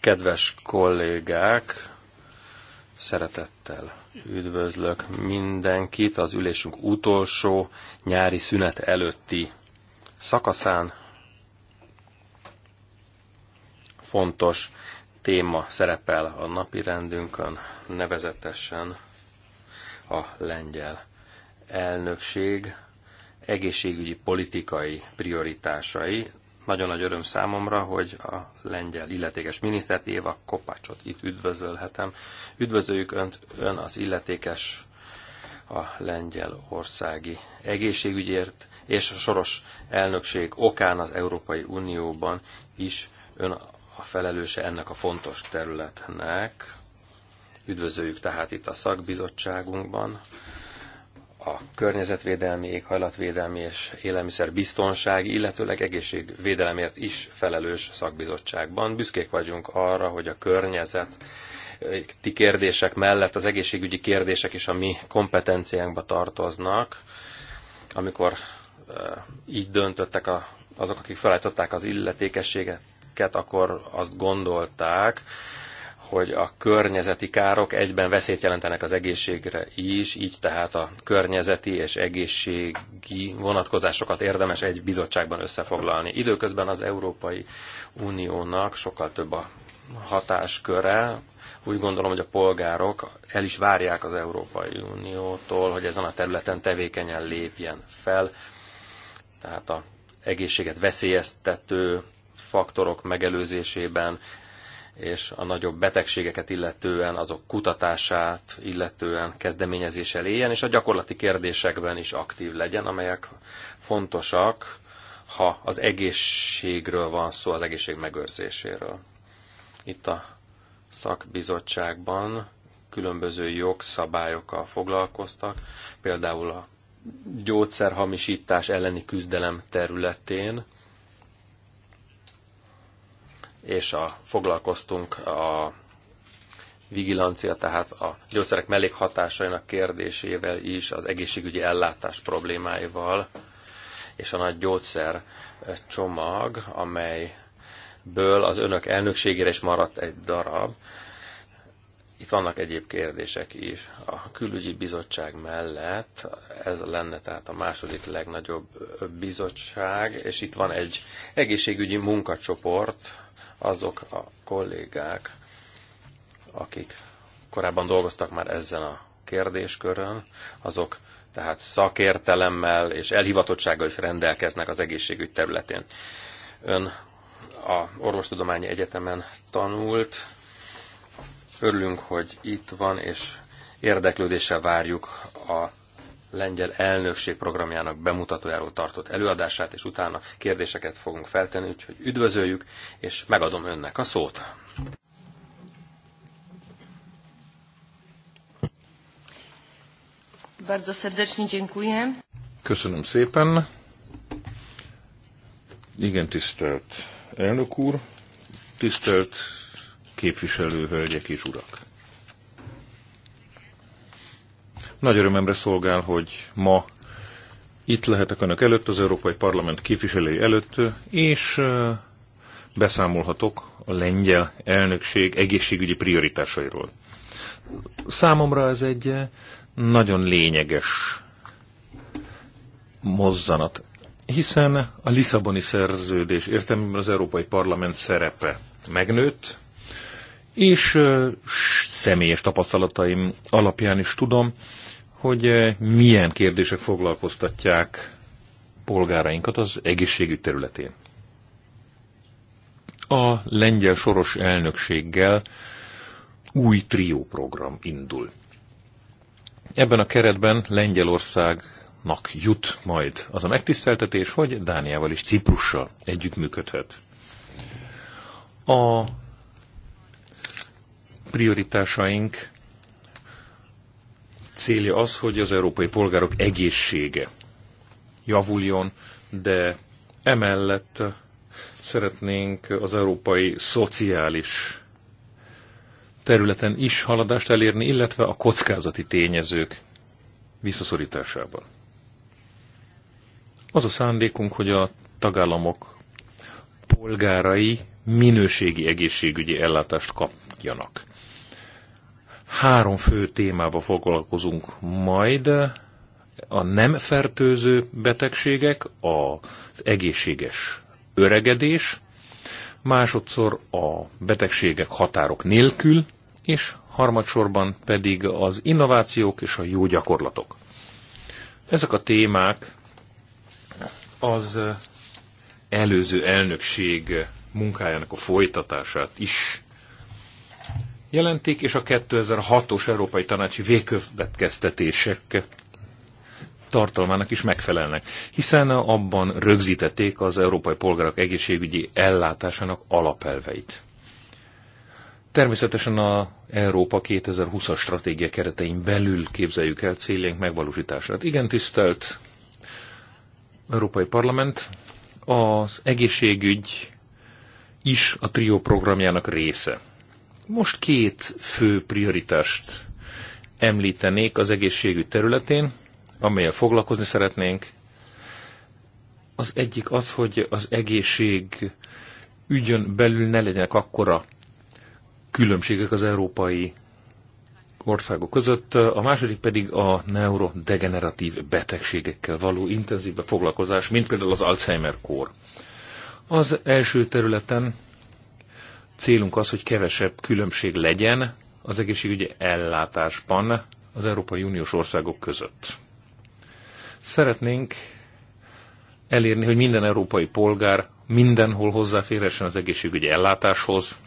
Kedves kollégák, szeretettel üdvözlök mindenkit az ülésünk utolsó nyári szünet előtti szakaszán. Fontos téma szerepel a napi rendünkön, nevezetesen a lengyel elnökség egészségügyi politikai prioritásai nagyon nagy öröm számomra, hogy a lengyel illetékes minisztert, Éva Kopácsot itt üdvözölhetem. Üdvözöljük Önt, Ön az illetékes a országi egészségügyért, és a soros elnökség okán az Európai Unióban is Ön a felelőse ennek a fontos területnek. Üdvözöljük tehát itt a szakbizottságunkban a környezetvédelmi, éghajlatvédelmi és élelmiszerbiztonság, illetőleg egészségvédelemért is felelős szakbizottságban. Büszkék vagyunk arra, hogy a környezet ti kérdések mellett az egészségügyi kérdések is a mi kompetenciánkba tartoznak. Amikor eh, így döntöttek a, azok, akik felállították az illetékességet, akkor azt gondolták, hogy a környezeti károk egyben veszélyt jelentenek az egészségre is, így tehát a környezeti és egészségi vonatkozásokat érdemes egy bizottságban összefoglalni. Időközben az Európai Uniónak sokkal több a hatásköre, úgy gondolom, hogy a polgárok el is várják az Európai Uniótól, hogy ezen a területen tevékenyen lépjen fel, tehát a egészséget veszélyeztető faktorok megelőzésében, és a nagyobb betegségeket illetően, azok kutatását illetően kezdeményezéssel éljen, és a gyakorlati kérdésekben is aktív legyen, amelyek fontosak, ha az egészségről van szó, az egészség megőrzéséről. Itt a szakbizottságban különböző jogszabályokkal foglalkoztak, például a gyógyszerhamisítás elleni küzdelem területén, és a, foglalkoztunk a vigilancia, tehát a gyógyszerek mellékhatásainak kérdésével is, az egészségügyi ellátás problémáival, és a nagy gyógyszer eh, csomag, amelyből az önök elnökségére is maradt egy darab. Itt vannak egyéb kérdések is. A külügyi bizottság mellett ez lenne tehát a második legnagyobb eh, bizottság, és itt van egy egészségügyi munkacsoport, azok a kollégák, akik korábban dolgoztak már ezzel a kérdéskörön, azok tehát szakértelemmel és elhivatottsággal is rendelkeznek az egészségügy területén. Ön a Orvostudományi Egyetemen tanult, örülünk, hogy itt van, és érdeklődéssel várjuk a lengyel elnökség programjának bemutatójáról tartott előadását, és utána kérdéseket fogunk feltenni, úgyhogy üdvözöljük, és megadom önnek a szót. Bardzo serdecznie dziękuję. Köszönöm szépen. Igen, tisztelt elnök úr, tisztelt hölgyek és urak. Nagy örömemre szolgál, hogy ma itt lehetek önök előtt, az Európai Parlament képviselői előtt, és beszámolhatok a lengyel elnökség egészségügyi prioritásairól. Számomra ez egy nagyon lényeges mozzanat, hiszen a Lisszaboni szerződés értelmében az Európai Parlament szerepe megnőtt, és személyes tapasztalataim alapján is tudom, hogy eh, milyen kérdések foglalkoztatják polgárainkat az egészségügy területén. A lengyel soros elnökséggel új trió program indul. Ebben a keretben Lengyelországnak jut majd az a megtiszteltetés, hogy Dániával és Ciprussal együttműködhet. A prioritásaink célja az, hogy az európai polgárok egészsége javuljon, de emellett szeretnénk az európai szociális területen is haladást elérni, illetve a kockázati tényezők visszaszorításában. Az a szándékunk, hogy a tagállamok polgárai minőségi egészségügyi ellátást kapjanak. Három fő témába foglalkozunk majd, a nem fertőző betegségek, az egészséges öregedés, másodszor a betegségek határok nélkül, és harmadsorban pedig az innovációk és a jó gyakorlatok. Ezek a témák az előző elnökség munkájának a folytatását is Jelentik és a 2006-os Európai Tanácsi végkövetkeztetések tartalmának is megfelelnek, hiszen abban rögzítették az európai polgárok egészségügyi ellátásának alapelveit. Természetesen a Európa 2020-as stratégia keretein belül képzeljük el céljaink megvalósítását. Igen, tisztelt Európai Parlament, az egészségügy is a trió programjának része. Most két fő prioritást említenék az egészségügy területén, amelyel foglalkozni szeretnénk. Az egyik az, hogy az egészség ügyön belül ne legyenek akkora különbségek az európai országok között, a második pedig a neurodegeneratív betegségekkel való intenzív foglalkozás, mint például az Alzheimer-kór. Az első területen célunk az, hogy kevesebb különbség legyen az egészségügyi ellátásban az Európai Uniós országok között. Szeretnénk elérni, hogy minden európai polgár mindenhol hozzáférhessen az egészségügyi ellátáshoz,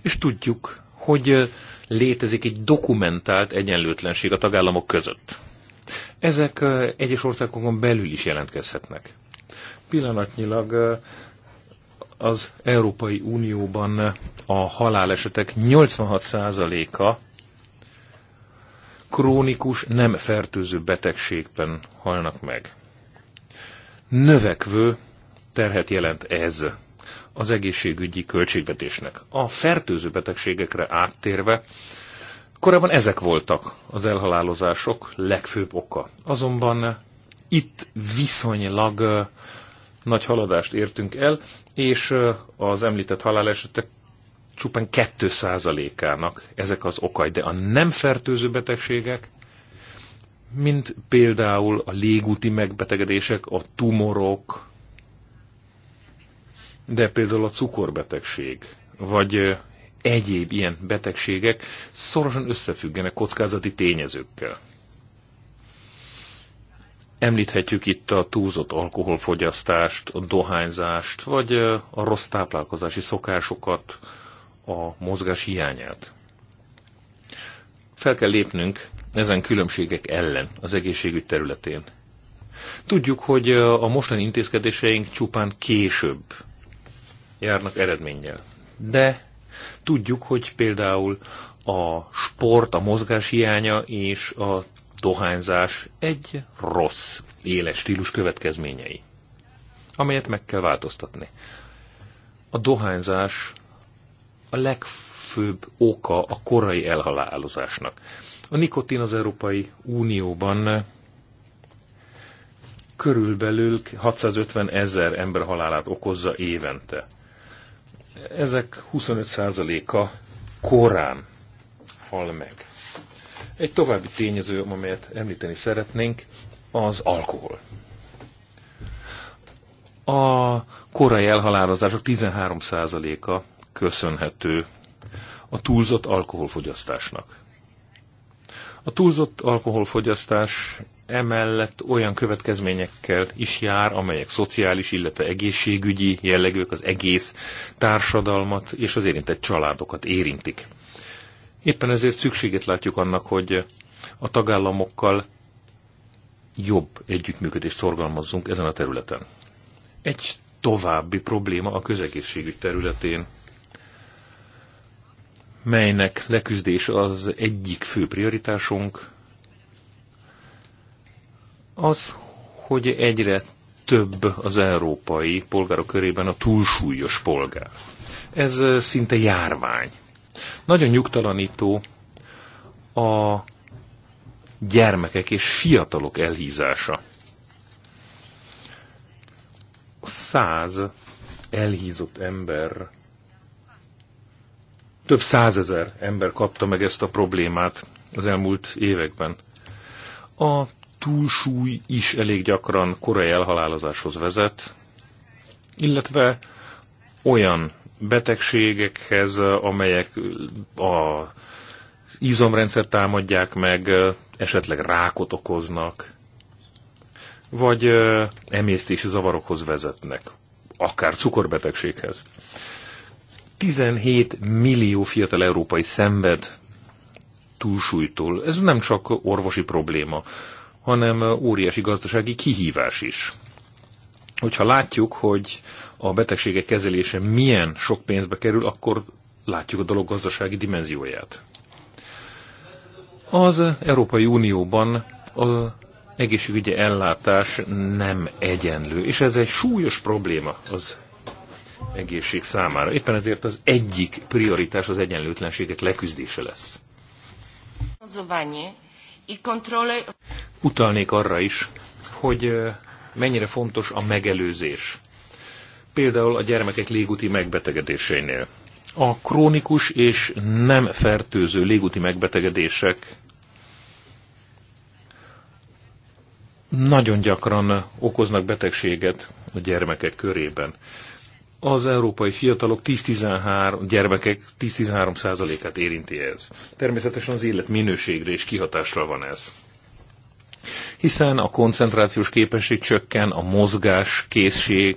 és tudjuk, hogy létezik egy dokumentált egyenlőtlenség a tagállamok között. Ezek egyes országokon belül is jelentkezhetnek. Pillanatnyilag az Európai Unióban a halálesetek 86%-a krónikus, nem fertőző betegségben halnak meg. Növekvő terhet jelent ez az egészségügyi költségvetésnek. A fertőző betegségekre áttérve, korábban ezek voltak az elhalálozások legfőbb oka. Azonban itt viszonylag nagy haladást értünk el, és az említett halálesetek csupán 2%-ának ezek az okai, de a nem fertőző betegségek, mint például a légúti megbetegedések, a tumorok, de például a cukorbetegség, vagy egyéb ilyen betegségek szorosan összefüggenek kockázati tényezőkkel. Említhetjük itt a túlzott alkoholfogyasztást, a dohányzást, vagy a rossz táplálkozási szokásokat, a mozgás hiányát. Fel kell lépnünk ezen különbségek ellen az egészségügy területén. Tudjuk, hogy a mostani intézkedéseink csupán később járnak eredménnyel. De tudjuk, hogy például a sport, a mozgás hiánya és a dohányzás egy rossz éles stílus következményei, amelyet meg kell változtatni. A dohányzás a legfőbb oka a korai elhalálozásnak. A nikotin az Európai Unióban körülbelül 650 ezer ember halálát okozza évente. Ezek 25%-a korán hal meg. Egy további tényező, amelyet említeni szeretnénk, az alkohol. A korai elhalálozások 13%-a köszönhető a túlzott alkoholfogyasztásnak. A túlzott alkoholfogyasztás emellett olyan következményekkel is jár, amelyek szociális, illetve egészségügyi jellegűek az egész társadalmat és az érintett családokat érintik. Éppen ezért szükséget látjuk annak, hogy a tagállamokkal jobb együttműködést szorgalmazzunk ezen a területen. Egy további probléma a közegészségügy területén, melynek leküzdés az egyik fő prioritásunk, az, hogy egyre több az európai polgárok körében a túlsúlyos polgár. Ez szinte járvány. Nagyon nyugtalanító a gyermekek és fiatalok elhízása. Száz elhízott ember, több százezer ember kapta meg ezt a problémát az elmúlt években. A túlsúly is elég gyakran korai elhalálozáshoz vezet, illetve olyan betegségekhez, amelyek a izomrendszer támadják meg, esetleg rákot okoznak, vagy emésztési zavarokhoz vezetnek, akár cukorbetegséghez. 17 millió fiatal európai szenved túlsúlytól. Ez nem csak orvosi probléma, hanem óriási gazdasági kihívás is. Hogyha látjuk, hogy a betegségek kezelése milyen sok pénzbe kerül, akkor látjuk a dolog gazdasági dimenzióját. Az Európai Unióban az egészségügyi ellátás nem egyenlő, és ez egy súlyos probléma az egészség számára. Éppen ezért az egyik prioritás az egyenlőtlenségek leküzdése lesz. Utalnék arra is, hogy mennyire fontos a megelőzés például a gyermekek légúti megbetegedéseinél. A krónikus és nem fertőző légúti megbetegedések nagyon gyakran okoznak betegséget a gyermekek körében. Az európai fiatalok 10-13, gyermekek 10-13 százalékát érinti ez. Természetesen az élet minőségre is kihatásra van ez. Hiszen a koncentrációs képesség csökken, a mozgás készség,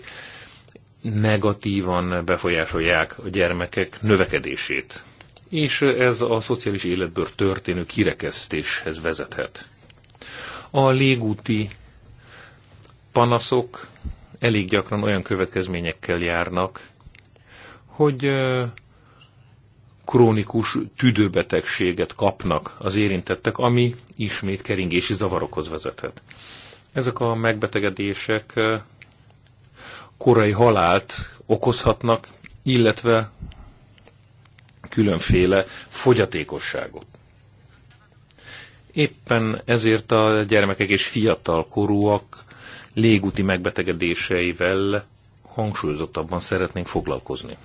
negatívan befolyásolják a gyermekek növekedését. És ez a szociális életből történő kirekesztéshez vezethet. A légúti panaszok elég gyakran olyan következményekkel járnak, hogy krónikus tüdőbetegséget kapnak az érintettek, ami ismét keringési zavarokhoz vezethet. Ezek a megbetegedések korai halált okozhatnak, illetve különféle fogyatékosságot. Éppen ezért a gyermekek és fiatal korúak légúti megbetegedéseivel hangsúlyozottabban szeretnénk foglalkozni.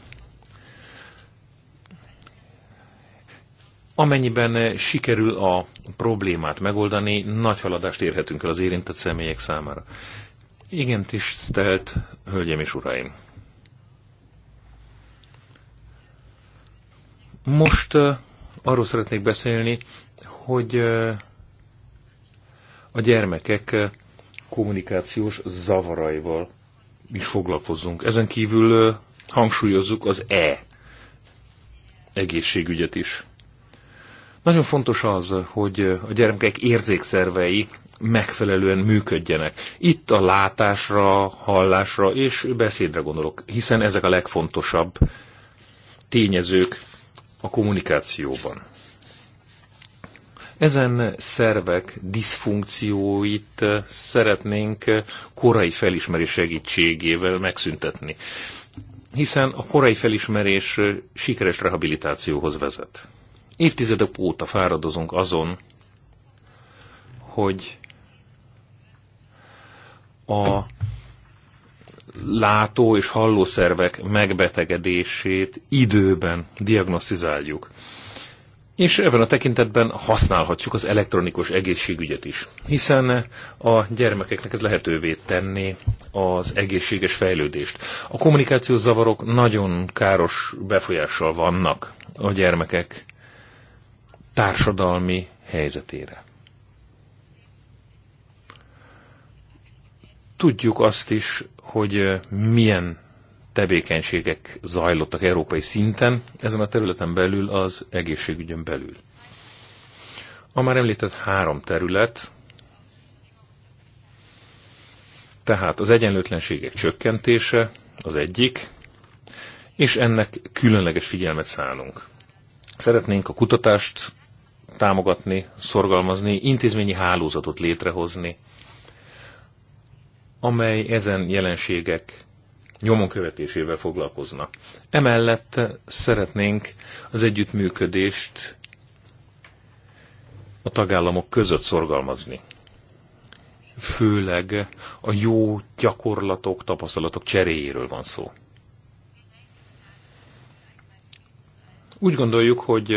Amennyiben sikerül a problémát megoldani, nagy haladást érhetünk el az érintett személyek számára. Igen, tisztelt Hölgyeim és Uraim! Most uh, arról szeretnék beszélni, hogy uh, a gyermekek uh, kommunikációs zavaraival is foglalkozzunk. Ezen kívül uh, hangsúlyozzuk az E egészségügyet is. Nagyon fontos az, hogy a gyermekek érzékszervei megfelelően működjenek. Itt a látásra, hallásra és beszédre gondolok, hiszen ezek a legfontosabb tényezők a kommunikációban. Ezen szervek diszfunkcióit szeretnénk korai felismerés segítségével megszüntetni, hiszen a korai felismerés sikeres rehabilitációhoz vezet. Évtizedek óta fáradozunk azon, hogy a látó és hallószervek megbetegedését időben diagnosztizáljuk. És ebben a tekintetben használhatjuk az elektronikus egészségügyet is, hiszen a gyermekeknek ez lehetővé tenni az egészséges fejlődést. A kommunikációs zavarok nagyon káros befolyással vannak a gyermekek társadalmi helyzetére. Tudjuk azt is, hogy milyen tevékenységek zajlottak európai szinten, ezen a területen belül az egészségügyön belül. A már említett három terület, tehát az egyenlőtlenségek csökkentése az egyik, és ennek különleges figyelmet szánunk. Szeretnénk a kutatást támogatni, szorgalmazni, intézményi hálózatot létrehozni, amely ezen jelenségek nyomon követésével foglalkozna. Emellett szeretnénk az együttműködést a tagállamok között szorgalmazni. Főleg a jó gyakorlatok, tapasztalatok cseréjéről van szó. Úgy gondoljuk, hogy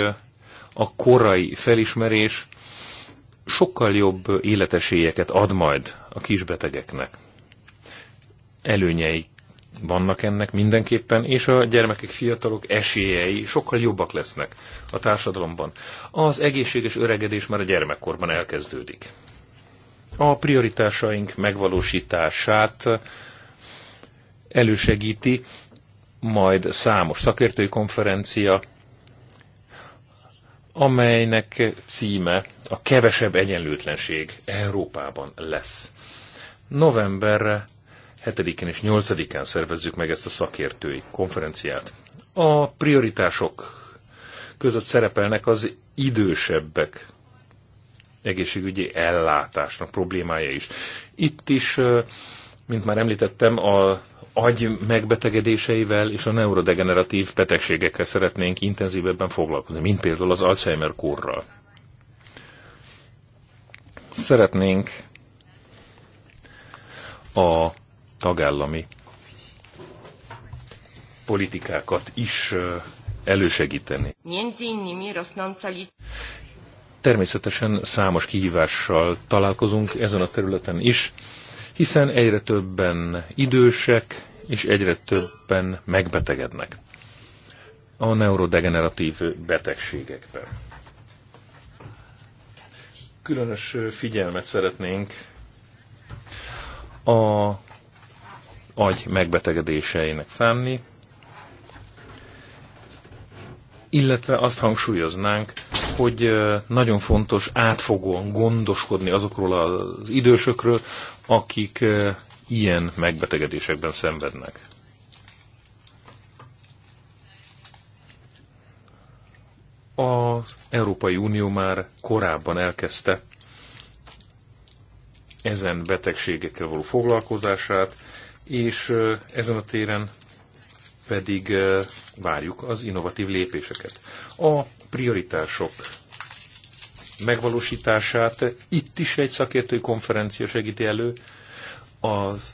a korai felismerés sokkal jobb életesélyeket ad majd a kisbetegeknek előnyei vannak ennek mindenképpen, és a gyermekek, fiatalok esélyei sokkal jobbak lesznek a társadalomban. Az egészséges öregedés már a gyermekkorban elkezdődik. A prioritásaink megvalósítását elősegíti majd számos szakértői konferencia, amelynek címe a kevesebb egyenlőtlenség Európában lesz. Novemberre 7-én és 8-án szervezzük meg ezt a szakértői konferenciát. A prioritások között szerepelnek az idősebbek egészségügyi ellátásnak problémája is. Itt is, mint már említettem, a agy megbetegedéseivel és a neurodegeneratív betegségekkel szeretnénk intenzívebben foglalkozni, mint például az Alzheimer kórral. Szeretnénk a tagállami politikákat is elősegíteni. Természetesen számos kihívással találkozunk ezen a területen is, hiszen egyre többen idősek és egyre többen megbetegednek a neurodegeneratív betegségekben. Különös figyelmet szeretnénk a agy megbetegedéseinek számni, illetve azt hangsúlyoznánk, hogy nagyon fontos átfogóan gondoskodni azokról az idősökről, akik ilyen megbetegedésekben szenvednek. Az Európai Unió már korábban elkezdte ezen betegségekkel való foglalkozását, és ezen a téren pedig várjuk az innovatív lépéseket. A prioritások megvalósítását itt is egy szakértői konferencia segíti elő, az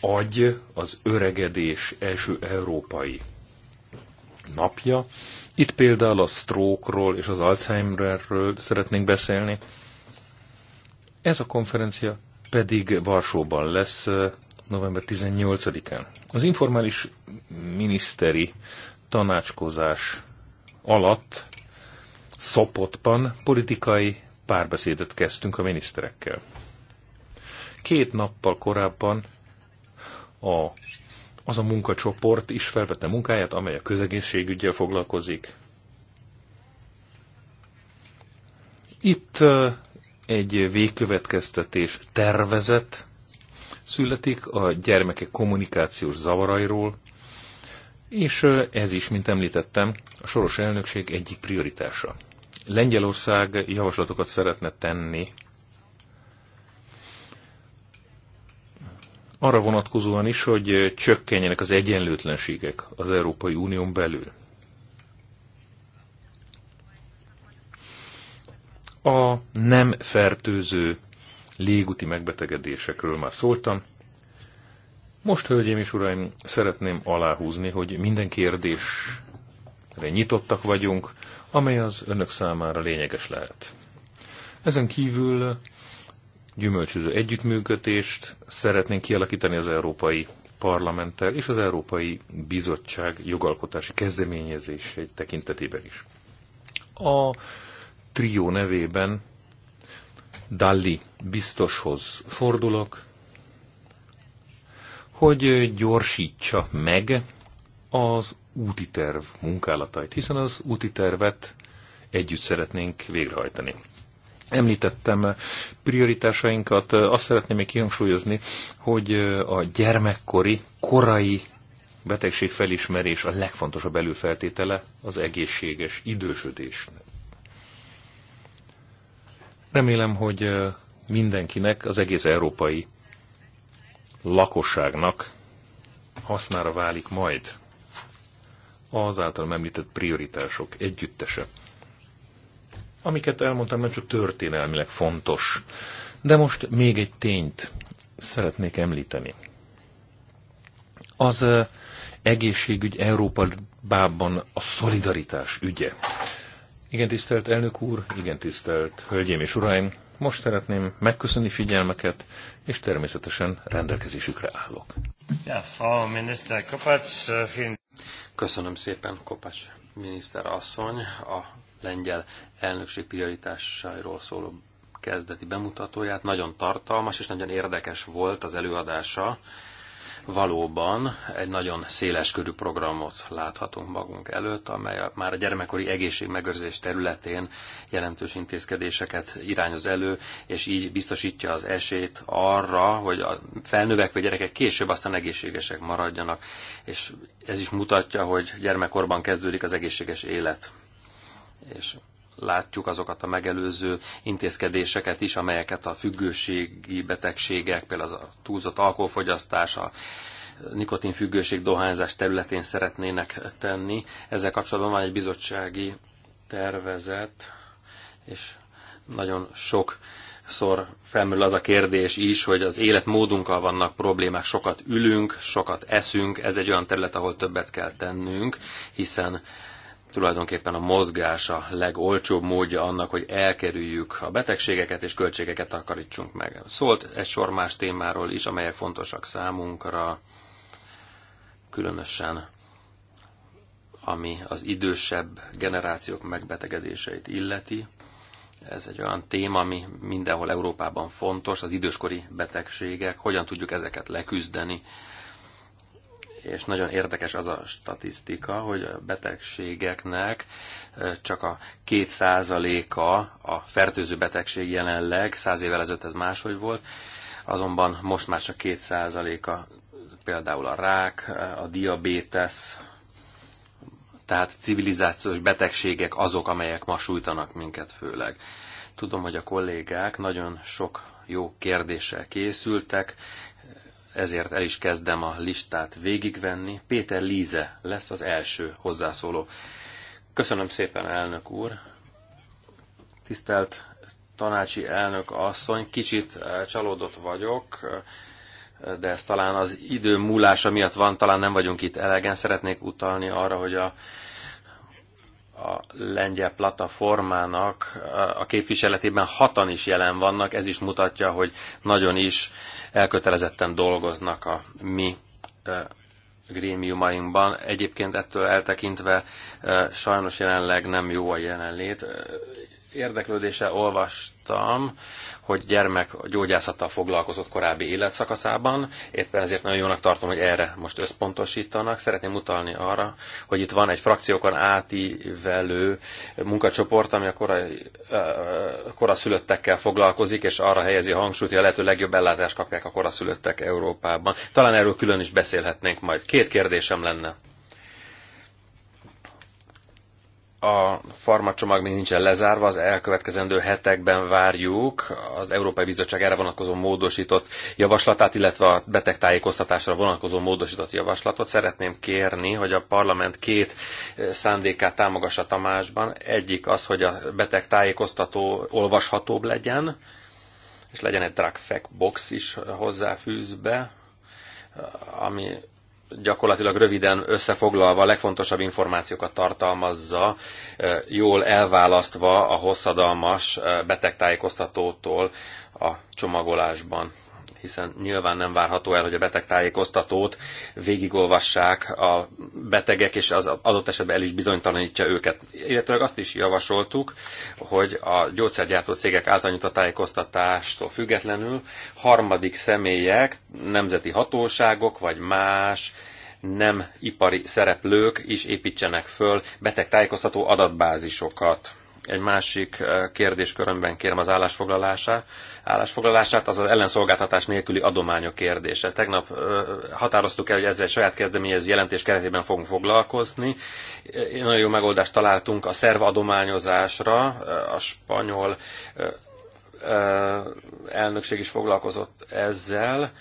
agy, az öregedés első európai napja. Itt például a stroke-ról és az Alzheimerről szeretnénk beszélni. Ez a konferencia pedig Varsóban lesz november 18-án. Az informális miniszteri tanácskozás alatt Szopotban politikai párbeszédet kezdtünk a miniszterekkel. Két nappal korábban a, az a munkacsoport is felvette munkáját, amely a közegészségügyel foglalkozik. Itt egy végkövetkeztetés tervezet születik, a gyermekek kommunikációs zavarairól, és ez is, mint említettem, a soros elnökség egyik prioritása. Lengyelország javaslatokat szeretne tenni arra vonatkozóan is, hogy csökkenjenek az egyenlőtlenségek az Európai Unión belül. A nem fertőző légúti megbetegedésekről már szóltam. Most, hölgyeim és uraim, szeretném aláhúzni, hogy minden kérdésre nyitottak vagyunk, amely az önök számára lényeges lehet. Ezen kívül gyümölcsöző együttműködést szeretnénk kialakítani az Európai Parlamenttel és az Európai Bizottság jogalkotási egy tekintetében is. A trió nevében Dalli biztoshoz fordulok, hogy gyorsítsa meg az úti terv munkálatait, hiszen az úti tervet együtt szeretnénk végrehajtani. Említettem prioritásainkat, azt szeretném még kihangsúlyozni, hogy a gyermekkori, korai betegség felismerés a legfontosabb előfeltétele az egészséges idősödésnek. Remélem, hogy mindenkinek, az egész európai lakosságnak hasznára válik majd az által említett prioritások együttese. Amiket elmondtam, nem csak történelmileg fontos, de most még egy tényt szeretnék említeni. Az egészségügy Európában a szolidaritás ügye. Igen, tisztelt elnök úr, igen, tisztelt hölgyeim és uraim, most szeretném megköszönni figyelmeket, és természetesen rendelkezésükre állok. Ja, äh, Köszönöm szépen, Kopács miniszter asszony, a lengyel elnökség prioritásairól szóló kezdeti bemutatóját. Nagyon tartalmas és nagyon érdekes volt az előadása valóban egy nagyon széleskörű programot láthatunk magunk előtt, amely már a gyermekkori egészségmegőrzés területén jelentős intézkedéseket irányoz elő, és így biztosítja az esélyt arra, hogy a felnövekvő gyerekek később aztán egészségesek maradjanak, és ez is mutatja, hogy gyermekkorban kezdődik az egészséges élet. És látjuk azokat a megelőző intézkedéseket is, amelyeket a függőségi betegségek, például a túlzott alkoholfogyasztás, a nikotinfüggőség, dohányzás területén szeretnének tenni. Ezzel kapcsolatban van egy bizottsági tervezet, és nagyon sok szor felmerül az a kérdés is, hogy az életmódunkkal vannak problémák, sokat ülünk, sokat eszünk, ez egy olyan terület, ahol többet kell tennünk, hiszen tulajdonképpen a mozgás a legolcsóbb módja annak, hogy elkerüljük a betegségeket és költségeket takarítsunk meg. Szólt egy sor más témáról is, amelyek fontosak számunkra, különösen ami az idősebb generációk megbetegedéseit illeti. Ez egy olyan téma, ami mindenhol Európában fontos, az időskori betegségek, hogyan tudjuk ezeket leküzdeni, és nagyon érdekes az a statisztika, hogy a betegségeknek csak a két százaléka a fertőző betegség jelenleg, száz évvel ezelőtt ez máshogy volt, azonban most már csak két százaléka például a rák, a diabétesz, tehát civilizációs betegségek azok, amelyek ma sújtanak minket főleg. Tudom, hogy a kollégák nagyon sok jó kérdéssel készültek, ezért el is kezdem a listát végigvenni. Péter Líze lesz az első hozzászóló. Köszönöm szépen, elnök úr. Tisztelt tanácsi elnök asszony, kicsit eh, csalódott vagyok, eh, de ez talán az idő múlása miatt van, talán nem vagyunk itt elegen. Szeretnék utalni arra, hogy a a lengyel plataformának a képviseletében hatan is jelen vannak, ez is mutatja, hogy nagyon is elkötelezetten dolgoznak a mi grémiumainkban. Egyébként ettől eltekintve sajnos jelenleg nem jó a jelenlét érdeklődése olvastam, hogy gyermek gyógyászattal foglalkozott korábbi életszakaszában. Éppen ezért nagyon jónak tartom, hogy erre most összpontosítanak. Szeretném utalni arra, hogy itt van egy frakciókon átívelő munkacsoport, ami a korai, koraszülöttekkel foglalkozik, és arra helyezi a hangsúlyt, hogy a lehető legjobb ellátást kapják a koraszülöttek Európában. Talán erről külön is beszélhetnénk majd. Két kérdésem lenne. a farmacsomag még nincsen lezárva, az elkövetkezendő hetekben várjuk az Európai Bizottság erre vonatkozó módosított javaslatát, illetve a betegtájékoztatásra vonatkozó módosított javaslatot. Szeretném kérni, hogy a parlament két eh, szándékát támogassa Tamásban. Egyik az, hogy a betegtájékoztató olvashatóbb legyen, és legyen egy drug fact box is hozzáfűzve, eh, ami gyakorlatilag röviden összefoglalva a legfontosabb információkat tartalmazza, jól elválasztva a hosszadalmas betegtájékoztatótól a csomagolásban hiszen nyilván nem várható el, hogy a betegtájékoztatót végigolvassák a betegek, és az adott esetben el is bizonytalanítja őket. Illetőleg azt is javasoltuk, hogy a gyógyszergyártó cégek által nyújtott tájékoztatástól függetlenül harmadik személyek, nemzeti hatóságok vagy más nem ipari szereplők is építsenek föl betegtájékoztató adatbázisokat egy másik eh, kérdéskörömben kérem az állásfoglalását. Állásfoglalását az az ellenszolgáltatás nélküli adományok kérdése. Tegnap eh, határoztuk el, hogy ezzel egy saját kezdeményező jelentés keretében fogunk foglalkozni. Nagyon jó megoldást találtunk a szerv adományozásra, eh, a spanyol elnökség is foglalkozott ezzel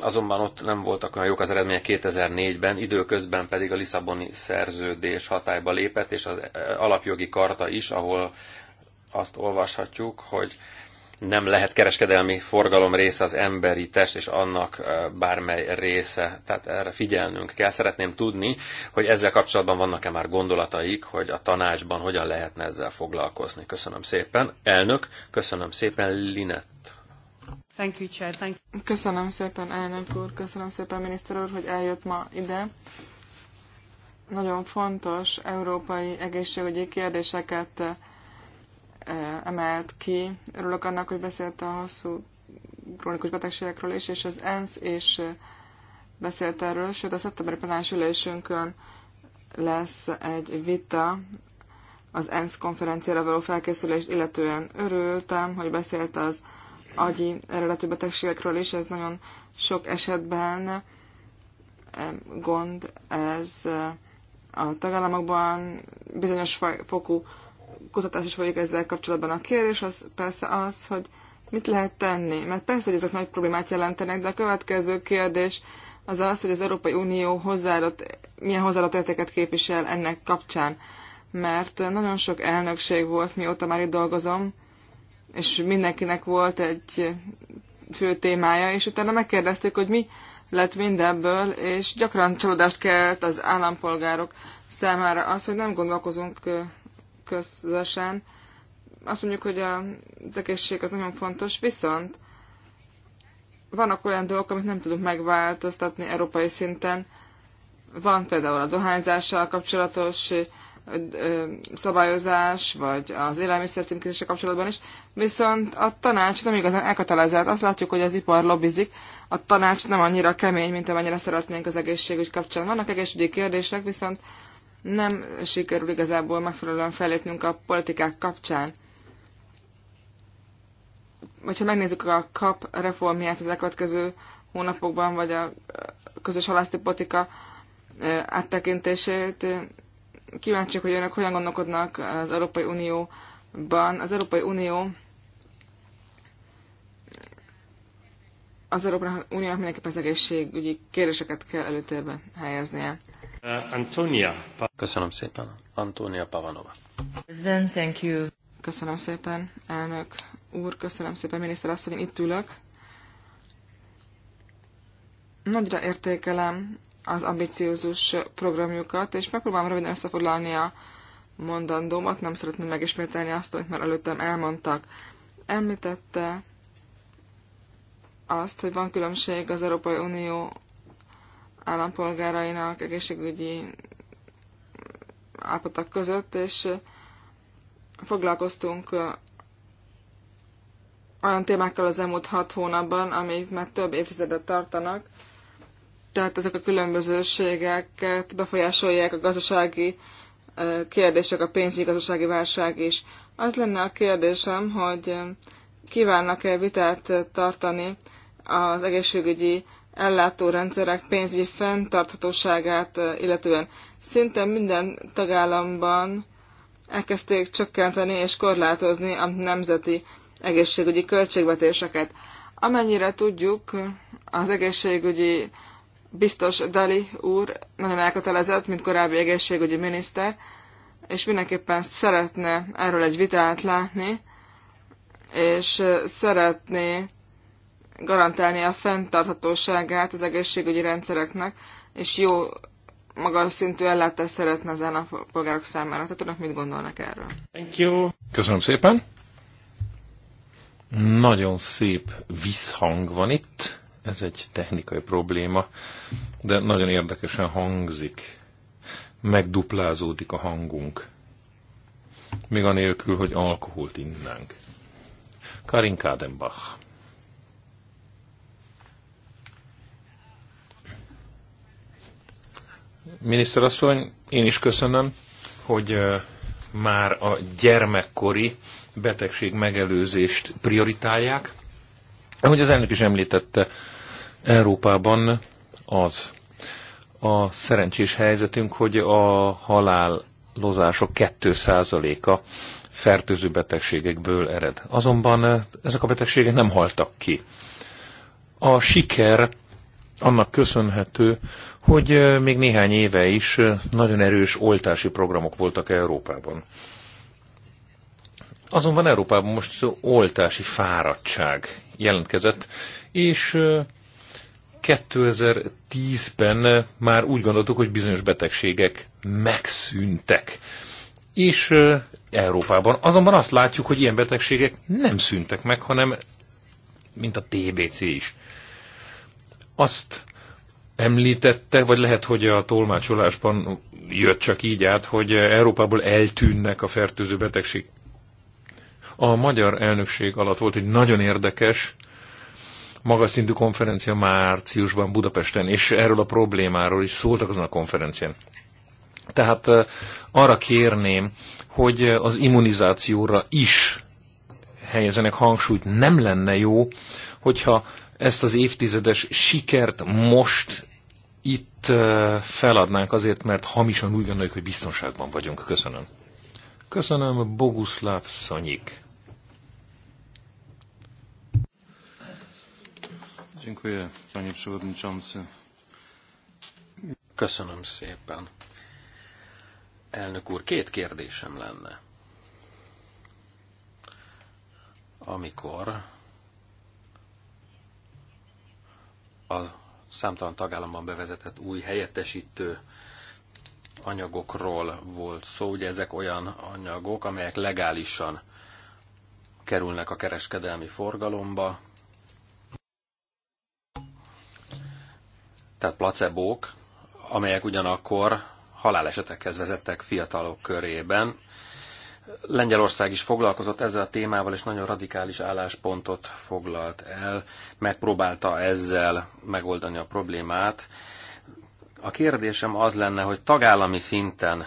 azonban ott nem voltak olyan jók az eredmények 2004-ben, időközben pedig a Lisszaboni szerződés hatályba lépett, és az e, alapjogi karta is, ahol azt olvashatjuk, hogy nem lehet kereskedelmi forgalom része az emberi test és annak e, bármely része. Tehát erre figyelnünk kell. Szeretném tudni, hogy ezzel kapcsolatban vannak-e már gondolataik, hogy a tanácsban hogyan lehetne ezzel foglalkozni. Köszönöm szépen. Elnök, köszönöm szépen. Linett Thank you, Chair. Thank you. Köszönöm szépen, elnök úr, köszönöm szépen, miniszter úr, hogy eljött ma ide. Nagyon fontos európai egészségügyi kérdéseket eh, emelt ki. Örülök annak, hogy beszélt a hosszú krónikus betegségekről is, és az ENSZ és eh, beszélt erről, sőt a szeptemberi plenáris ülésünkön lesz egy vita az ENSZ konferenciára való felkészülést, illetően örültem, hogy beszélt az agyi eredetű betegségekről is, ez nagyon sok esetben gond ez eh, a tagállamokban. Bizonyos fokú kutatás is folyik ezzel kapcsolatban. A kérdés, az persze az, hogy mit lehet tenni? Mert persze, hogy ezek nagy problémát jelentenek, de a következő kérdés az az, hogy az Európai Unió hozzáadott, milyen hozzáadott értéket képvisel ennek kapcsán. Mert nagyon sok elnökség volt, mióta már itt dolgozom, és mindenkinek volt egy fő témája, és utána megkérdezték, hogy mi lett mindebből, és gyakran csodást kelt az állampolgárok számára az, hogy nem gondolkozunk közösen. Azt mondjuk, hogy a egészség az nagyon fontos, viszont vannak olyan dolgok, amit nem tudunk megváltoztatni európai szinten. Van például a dohányzással kapcsolatos szabályozás, vagy az élelmiszer címkézése kapcsolatban is, viszont a tanács nem igazán elkötelezett. Azt látjuk, hogy az ipar lobbizik, a tanács nem annyira kemény, mint amennyire szeretnénk az egészségügy kapcsán. Vannak egészségügyi kérdések, viszont nem sikerül igazából megfelelően fellépnünk a politikák kapcsán. Vagy ha megnézzük a kap reformját az elkövetkező hónapokban, vagy a közös halászti politika áttekintését, kíváncsiak, hogy önök hogyan gondolkodnak az Európai Unióban. Az Európai Unió az Európai Uniónak mindenképpen az egészségügyi kérdéseket kell előtérbe helyeznie. Uh, Antonia. Köszönöm szépen. Antonia Pavanova. thank you. Köszönöm szépen, elnök úr, köszönöm szépen, miniszter asszony, itt ülök. Nagyra értékelem az ambiciózus programjukat, és megpróbálom röviden összefoglalni a mondandómat, nem szeretném megismételni azt, amit már előttem elmondtak. Említette azt, hogy van különbség az Európai Unió állampolgárainak egészségügyi állapotak között, és foglalkoztunk olyan témákkal az elmúlt hat hónapban, amit már több évtizedet tartanak, tehát ezek a különbözőségeket befolyásolják a gazdasági kérdések, a pénzügyi gazdasági válság is. Az lenne a kérdésem, hogy kívánnak-e vitát tartani az egészségügyi ellátórendszerek pénzügyi fenntarthatóságát illetően. Szinte minden tagállamban elkezdték csökkenteni és korlátozni a nemzeti egészségügyi költségvetéseket. Amennyire tudjuk, az egészségügyi biztos Dali úr nagyon elkötelezett, mint korábbi egészségügyi miniszter, és mindenképpen szeretne erről egy vitát látni, és szeretné garantálni a fenntarthatóságát az egészségügyi rendszereknek, és jó magas szintű ellátást szeretne az állampolgárok számára. Tehát önök mit gondolnak erről? Thank you. Köszönöm szépen. Nagyon szép visszhang van itt ez egy technikai probléma, de nagyon érdekesen hangzik. Megduplázódik a hangunk. Még anélkül, hogy alkoholt innánk. Karin Kadenbach. Miniszterasszony, én is köszönöm, hogy már a gyermekkori betegség megelőzést prioritálják. Ahogy az elnök is említette, Európában az a szerencsés helyzetünk, hogy a halálozások 2%-a fertőző betegségekből ered. Azonban ezek a betegségek nem haltak ki. A siker annak köszönhető, hogy még néhány éve is nagyon erős oltási programok voltak Európában. Azonban Európában most oltási fáradtság jelentkezett, és 2010-ben már úgy gondoltuk, hogy bizonyos betegségek megszűntek. És Európában azonban azt látjuk, hogy ilyen betegségek nem szűntek meg, hanem mint a TBC is. Azt említette, vagy lehet, hogy a tolmácsolásban jött csak így át, hogy Európából eltűnnek a fertőző betegség. A magyar elnökség alatt volt egy nagyon érdekes magas szintű konferencia márciusban Budapesten, és erről a problémáról is szóltak azon a konferencián. Tehát arra kérném, hogy az immunizációra is helyezenek hangsúlyt. Nem lenne jó, hogyha ezt az évtizedes sikert most itt feladnánk azért, mert hamisan úgy gondoljuk, hogy biztonságban vagyunk. Köszönöm. Köszönöm, Boguslav Szanyik. Dziękuję, panie przewodniczący. Köszönöm szépen. Elnök úr, két kérdésem lenne. Amikor a számtalan tagállamban bevezetett új helyettesítő anyagokról volt szó, ugye ezek olyan anyagok, amelyek legálisan kerülnek a kereskedelmi forgalomba, tehát placebók, amelyek ugyanakkor halálesetekhez vezettek fiatalok körében. Lengyelország is foglalkozott ezzel a témával, és nagyon radikális álláspontot foglalt el, megpróbálta ezzel megoldani a problémát. A kérdésem az lenne, hogy tagállami szinten,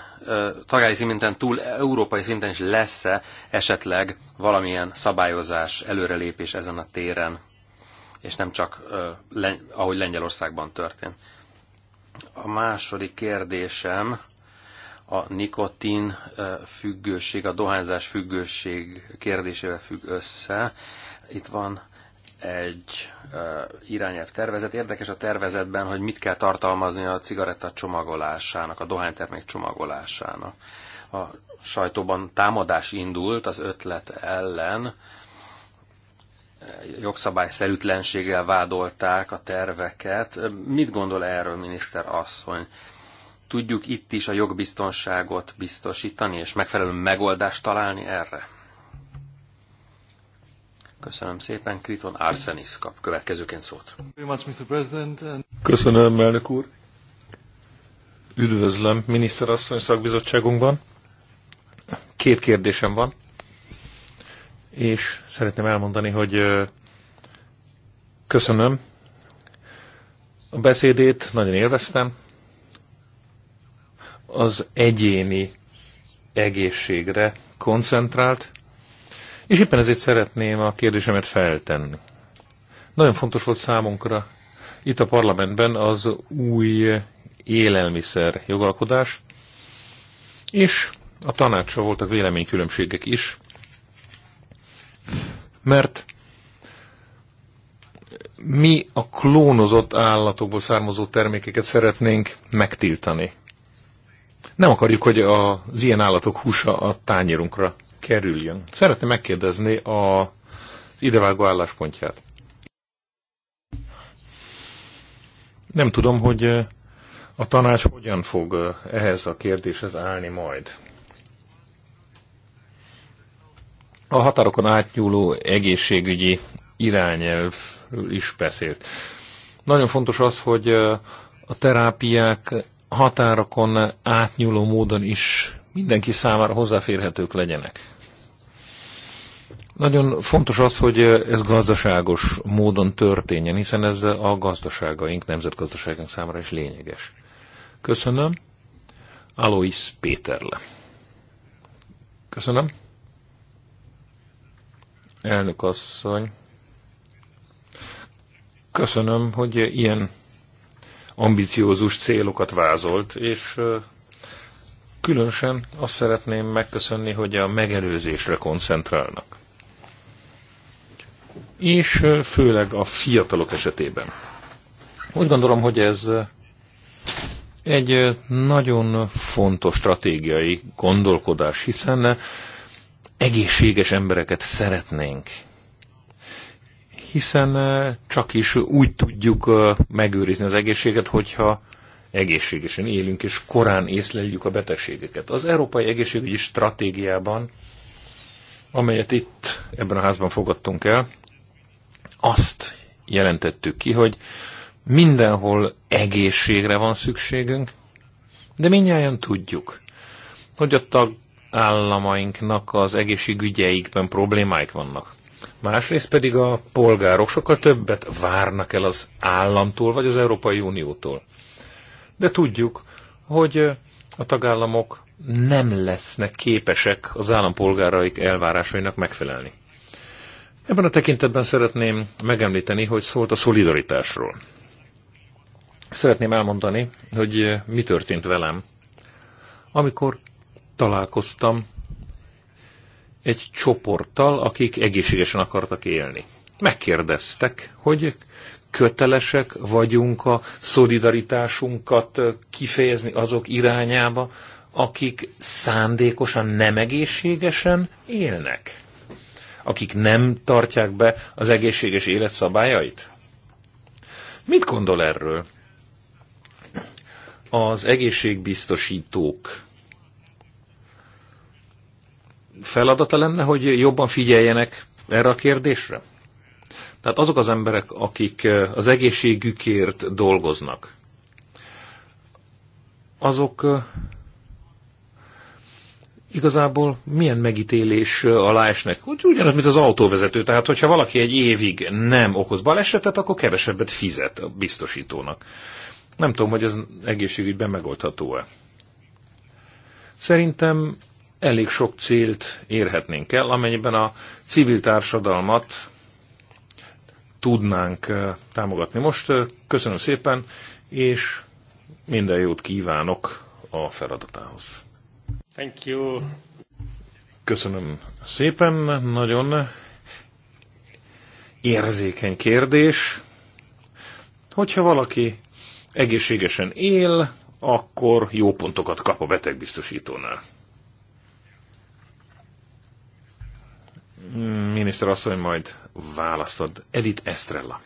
tagállami szinten túl európai szinten is lesz-e esetleg valamilyen szabályozás, előrelépés ezen a téren? és nem csak ahogy Lengyelországban történt. A második kérdésem a nikotin függőség, a dohányzás függőség kérdésével függ össze. Itt van egy irányelv tervezet. Érdekes a tervezetben, hogy mit kell tartalmazni a cigaretta csomagolásának, a dohánytermék csomagolásának. A sajtóban támadás indult az ötlet ellen, jogszabályszerűtlenséggel vádolták a terveket. Mit gondol erről miniszter asszony? Tudjuk itt is a jogbiztonságot biztosítani, és megfelelő megoldást találni erre? Köszönöm szépen. Kriton Arsenis kap következőként szót. Köszönöm, elnök úr. Üdvözlöm asszony szakbizottságunkban. Két kérdésem van és szeretném elmondani, hogy köszönöm a beszédét, nagyon élveztem. Az egyéni egészségre koncentrált, és éppen ezért szeretném a kérdésemet feltenni. Nagyon fontos volt számunkra itt a parlamentben az új élelmiszer jogalkodás, és a tanácsa voltak véleménykülönbségek is, mert mi a klónozott állatokból származó termékeket szeretnénk megtiltani. Nem akarjuk, hogy az ilyen állatok húsa a tányérunkra kerüljön. Szeretném megkérdezni a idevágó álláspontját. Nem tudom, hogy a tanács hogyan fog ehhez a kérdéshez állni majd. a határokon átnyúló egészségügyi irányelv is beszélt. Nagyon fontos az, hogy a terápiák határokon átnyúló módon is mindenki számára hozzáférhetők legyenek. Nagyon fontos az, hogy ez gazdaságos módon történjen, hiszen ez a gazdaságaink, nemzetgazdaságunk számára is lényeges. Köszönöm. Alois Péterle. Köszönöm. Elnök asszony, köszönöm, hogy ilyen ambiciózus célokat vázolt, és különösen azt szeretném megköszönni, hogy a megelőzésre koncentrálnak. És főleg a fiatalok esetében. Úgy gondolom, hogy ez egy nagyon fontos stratégiai gondolkodás, hiszen egészséges embereket szeretnénk, hiszen csak is úgy tudjuk megőrizni az egészséget, hogyha egészségesen élünk, és korán észleljük a betegségeket. Az Európai Egészségügyi Stratégiában, amelyet itt ebben a házban fogadtunk el, azt jelentettük ki, hogy mindenhol egészségre van szükségünk, de mindjárt tudjuk, hogy a tag államainknak az egészségügyeikben problémáik vannak. Másrészt pedig a polgárok sokkal többet várnak el az államtól vagy az Európai Uniótól. De tudjuk, hogy a tagállamok nem lesznek képesek az állampolgáraik elvárásainak megfelelni. Ebben a tekintetben szeretném megemlíteni, hogy szólt a szolidaritásról. Szeretném elmondani, hogy mi történt velem, amikor találkoztam egy csoporttal, akik egészségesen akartak élni. Megkérdeztek, hogy kötelesek vagyunk a szolidaritásunkat kifejezni azok irányába, akik szándékosan nem egészségesen élnek, akik nem tartják be az egészséges élet szabályait? Mit gondol erről? Az egészségbiztosítók feladata lenne, hogy jobban figyeljenek erre a kérdésre? Tehát azok az emberek, akik az egészségükért dolgoznak, azok igazából milyen megítélés alá esnek? Úgy, ugyanaz, mint az autóvezető. Tehát, hogyha valaki egy évig nem okoz balesetet, akkor kevesebbet fizet a biztosítónak. Nem tudom, hogy ez egészségügyben megoldható-e. Szerintem elég sok célt érhetnénk el, amennyiben a civil társadalmat tudnánk támogatni. Most köszönöm szépen, és minden jót kívánok a feladatához. Thank you. Köszönöm szépen, nagyon érzékeny kérdés. Hogyha valaki egészségesen él, akkor jó pontokat kap a betegbiztosítónál. miniszter asszony majd választod. Edith Estrella.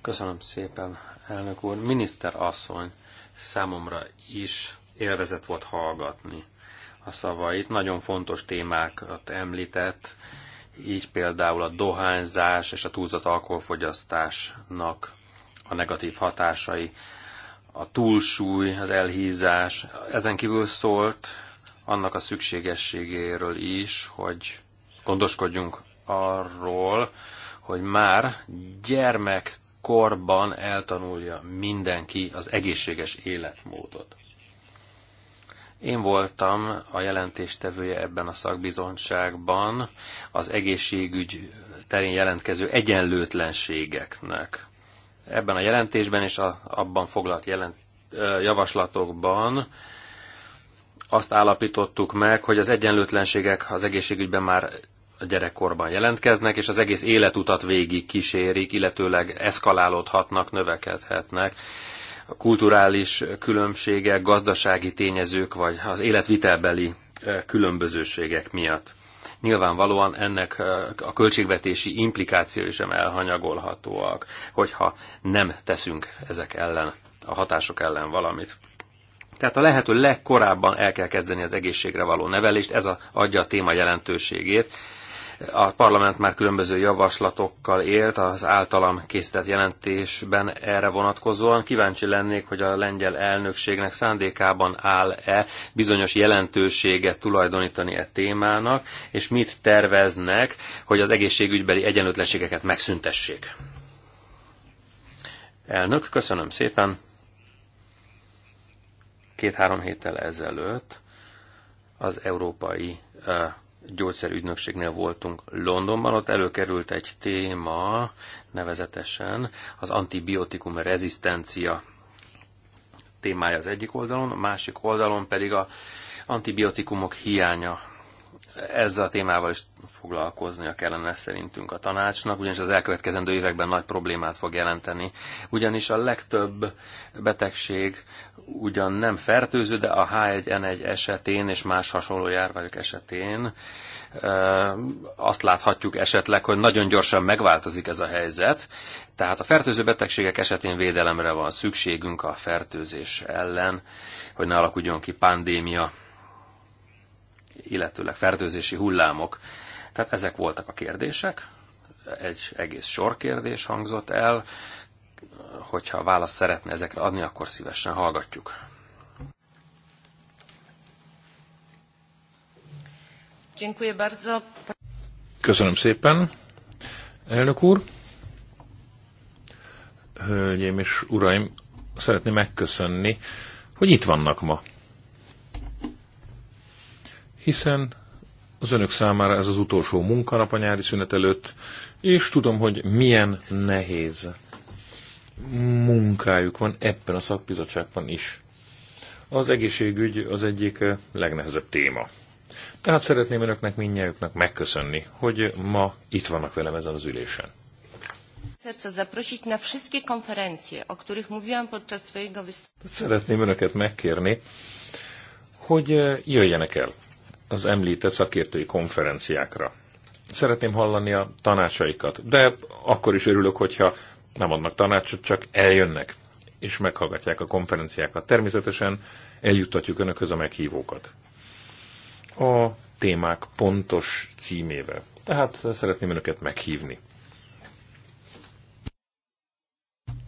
Köszönöm szépen, elnök úr. Miniszter asszony, számomra is élvezet volt hallgatni a szavait. Nagyon fontos témákat említett, így például a dohányzás és a túlzott alkoholfogyasztásnak a negatív hatásai a túlsúly, az elhízás. Ezen kívül szólt annak a szükségességéről is, hogy gondoskodjunk arról, hogy már gyermekkorban eltanulja mindenki az egészséges életmódot. Én voltam a jelentéstevője ebben a szakbizottságban az egészségügy terén jelentkező egyenlőtlenségeknek ebben a jelentésben és a, abban foglalt jelent, javaslatokban azt állapítottuk meg, hogy az egyenlőtlenségek az egészségügyben már a gyerekkorban jelentkeznek, és az egész életutat végig kísérik, illetőleg eszkalálódhatnak, növekedhetnek. A kulturális különbségek, gazdasági tényezők, vagy az életvitelbeli különbözőségek miatt. Nyilvánvalóan ennek a költségvetési implikációi sem elhanyagolhatóak, hogyha nem teszünk ezek ellen, a hatások ellen valamit. Tehát a lehető legkorábban el kell kezdeni az egészségre való nevelést, ez a, adja a téma jelentőségét, a parlament már különböző javaslatokkal élt az általam készített jelentésben erre vonatkozóan. Kíváncsi lennék, hogy a lengyel elnökségnek szándékában áll-e bizonyos jelentőséget tulajdonítani e témának, és mit terveznek, hogy az egészségügybeli egyenlőtlenségeket megszüntessék. Elnök, köszönöm szépen. Két-három héttel ezelőtt az Európai gyógyszerügynökségnél voltunk Londonban, ott előkerült egy téma, nevezetesen az antibiotikum rezisztencia témája az egyik oldalon, a másik oldalon pedig a antibiotikumok hiánya ezzel a témával is foglalkoznia kellene szerintünk a tanácsnak, ugyanis az elkövetkezendő években nagy problémát fog jelenteni. Ugyanis a legtöbb betegség ugyan nem fertőző, de a H1N1 esetén és más hasonló járványok esetén azt láthatjuk esetleg, hogy nagyon gyorsan megváltozik ez a helyzet. Tehát a fertőző betegségek esetén védelemre van szükségünk a fertőzés ellen, hogy ne alakuljon ki pandémia illetőleg fertőzési hullámok. Tehát ezek voltak a kérdések. Egy egész sor kérdés hangzott el. Hogyha választ szeretne ezekre adni, akkor szívesen hallgatjuk. Köszönöm szépen, elnök úr. Hölgyeim és uraim, szeretném megköszönni, hogy itt vannak ma hiszen az önök számára ez az utolsó munkanap a nyári szünet előtt, és tudom, hogy milyen nehéz munkájuk van ebben a szakbizottságban is. Az egészségügy az egyik eh, legnehezebb téma. Tehát szeretném önöknek mindnyájuknak megköszönni, hogy ma itt vannak velem ezen az ülésen. Szeretném önöket megkérni, hogy eh, jöjjenek el az említett szakértői konferenciákra. Szeretném hallani a tanácsaikat, de akkor is örülök, hogyha nem adnak tanácsot, csak eljönnek és meghallgatják a konferenciákat. Természetesen eljuttatjuk önökhöz a meghívókat. A témák pontos címével. Tehát szeretném önöket meghívni.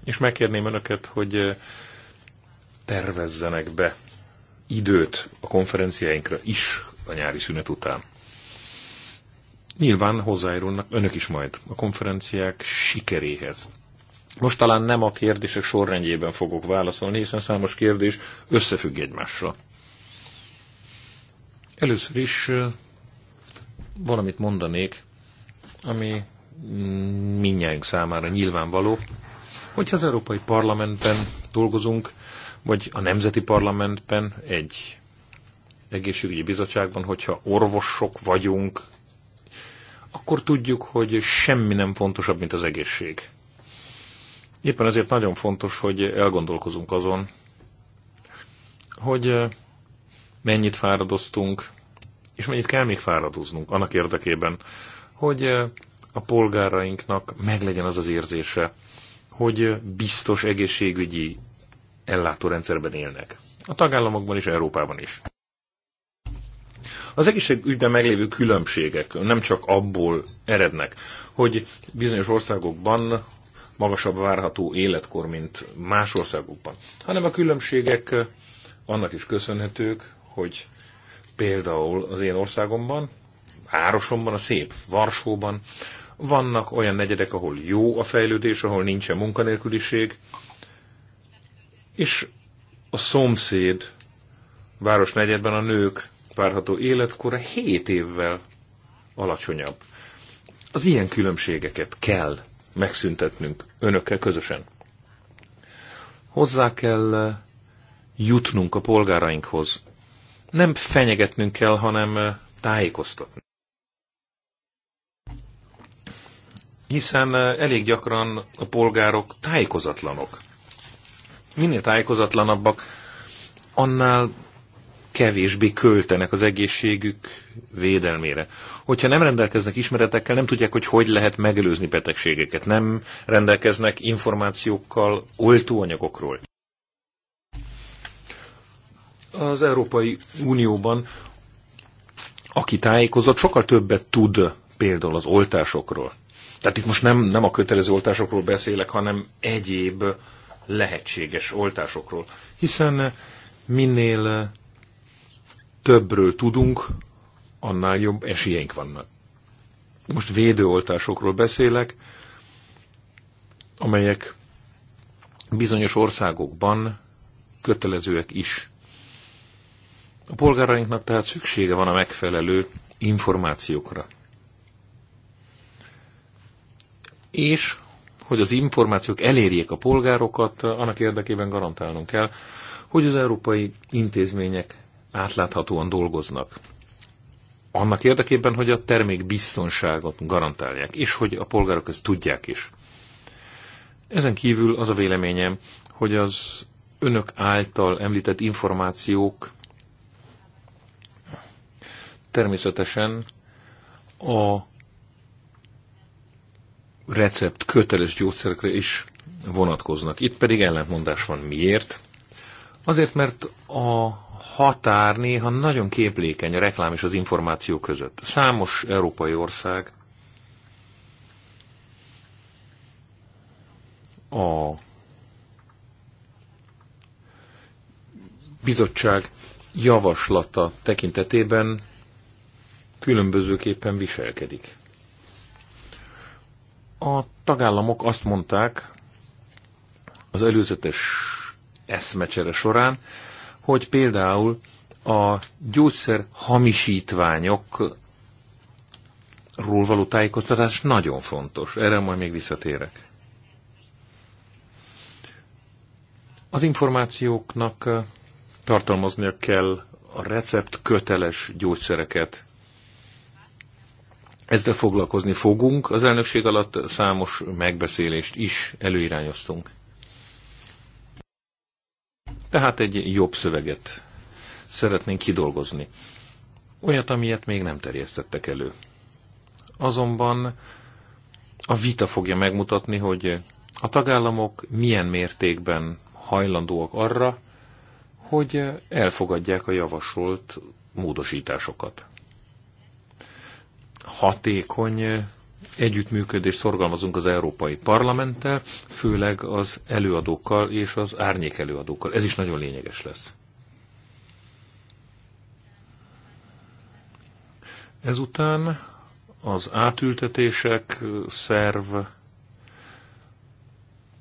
És megkérném önöket, hogy eh, tervezzenek be időt a konferenciáinkra is, a nyári szünet után. Nyilván hozzájárulnak önök is majd a konferenciák sikeréhez. Most talán nem a kérdések sorrendjében fogok válaszolni, hiszen számos kérdés összefügg egymással. Először is valamit mondanék, ami mindjárt számára nyilvánvaló, hogyha az Európai Parlamentben dolgozunk, vagy a Nemzeti Parlamentben egy egészségügyi bizottságban, hogyha orvosok vagyunk, akkor tudjuk, hogy semmi nem fontosabb, mint az egészség. Éppen ezért nagyon fontos, hogy elgondolkozunk azon, hogy eh, mennyit fáradoztunk, és mennyit kell még fáradoznunk annak érdekében, hogy eh, a polgárainknak meglegyen az az érzése, hogy eh, biztos egészségügyi ellátórendszerben élnek. A tagállamokban is, Európában is. Az egészségügyben meglévő különbségek nem csak abból erednek, hogy bizonyos országokban magasabb várható életkor, mint más országokban, hanem a különbségek eh, annak is köszönhetők, hogy például az én országomban, városomban, a szép Varsóban vannak olyan negyedek, ahol jó a fejlődés, ahol nincsen munkanélküliség, és a szomszéd városnegyedben a nők várható életkora 7 évvel alacsonyabb. Az ilyen különbségeket kell megszüntetnünk önökkel közösen. Hozzá kell eh, jutnunk a polgárainkhoz. Nem fenyegetnünk kell, hanem eh, tájékoztatni. Hiszen eh, elég gyakran a polgárok tájékozatlanok. Minél tájékozatlanabbak, annál kevésbé költenek az egészségük védelmére. Hogyha nem rendelkeznek ismeretekkel, nem tudják, hogy hogy lehet megelőzni betegségeket, nem rendelkeznek információkkal, oltóanyagokról. Az Európai Unióban, aki tájékozott, sokkal többet tud például az oltásokról. Tehát itt most nem, nem a kötelező oltásokról beszélek, hanem egyéb lehetséges oltásokról. Hiszen minél többről tudunk, annál jobb esélyeink vannak. Most védőoltásokról beszélek, amelyek bizonyos országokban kötelezőek is. A polgárainknak tehát szüksége van a megfelelő információkra. És, hogy az információk elérjék a polgárokat, annak érdekében garantálnunk kell, hogy az európai intézmények átláthatóan dolgoznak. Annak érdekében, hogy a termék biztonságot garantálják, és hogy a polgárok ezt tudják is. Ezen kívül az a véleményem, hogy az önök által említett információk természetesen a recept köteles gyógyszerekre is vonatkoznak. Itt pedig ellentmondás van. Miért? Azért, mert a határ néha nagyon képlékeny a reklám és az információ között. Számos európai ország a bizottság javaslata tekintetében különbözőképpen viselkedik. A tagállamok azt mondták az előzetes eszmecsere során, hogy például a gyógyszer hamisítványokról való tájékoztatás nagyon fontos. Erre majd még visszatérek. Az információknak eh, tartalmaznia kell a recept köteles gyógyszereket. Ezzel foglalkozni fogunk. Az elnökség alatt számos megbeszélést is előirányoztunk. Tehát egy jobb szöveget szeretnénk kidolgozni. Olyat, amilyet még nem terjesztettek elő. Azonban a vita fogja megmutatni, hogy a tagállamok milyen mértékben hajlandóak arra, hogy elfogadják a javasolt módosításokat. Hatékony együttműködést szorgalmazunk az Európai Parlamenttel, főleg az előadókkal és az árnyék előadókkal. Ez is nagyon lényeges lesz. Ezután az átültetések, szerv,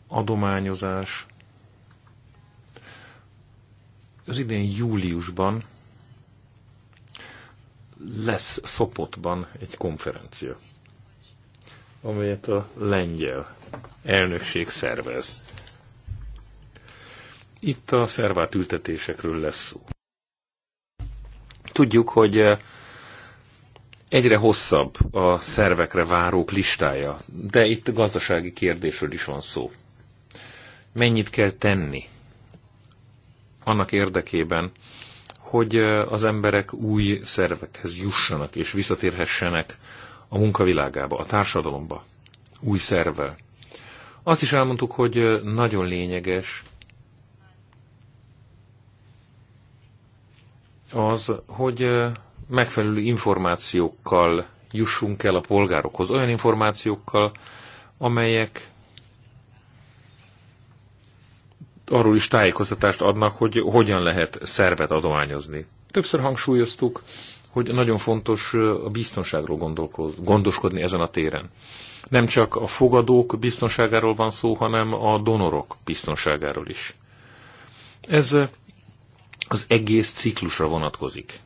adományozás. Az idén júliusban lesz Szopotban egy konferencia amelyet a lengyel elnökség szervez. Itt a szervát ültetésekről lesz szó. Tudjuk, hogy eh, egyre hosszabb a szervekre várók listája, de itt a gazdasági kérdésről is van szó. Mennyit kell tenni annak érdekében, hogy eh, az emberek új szervekhez jussanak és visszatérhessenek a munkavilágába, a társadalomba, új szervvel. Azt is elmondtuk, hogy nagyon lényeges az, hogy megfelelő információkkal jussunk el a polgárokhoz, olyan információkkal, amelyek arról is tájékoztatást adnak, hogy hogyan lehet szervet adományozni. Többször hangsúlyoztuk, hogy nagyon fontos a biztonságról gondoskodni ezen a téren. Nem csak a fogadók biztonságáról van szó, hanem a donorok biztonságáról is. Ez az egész ciklusra vonatkozik.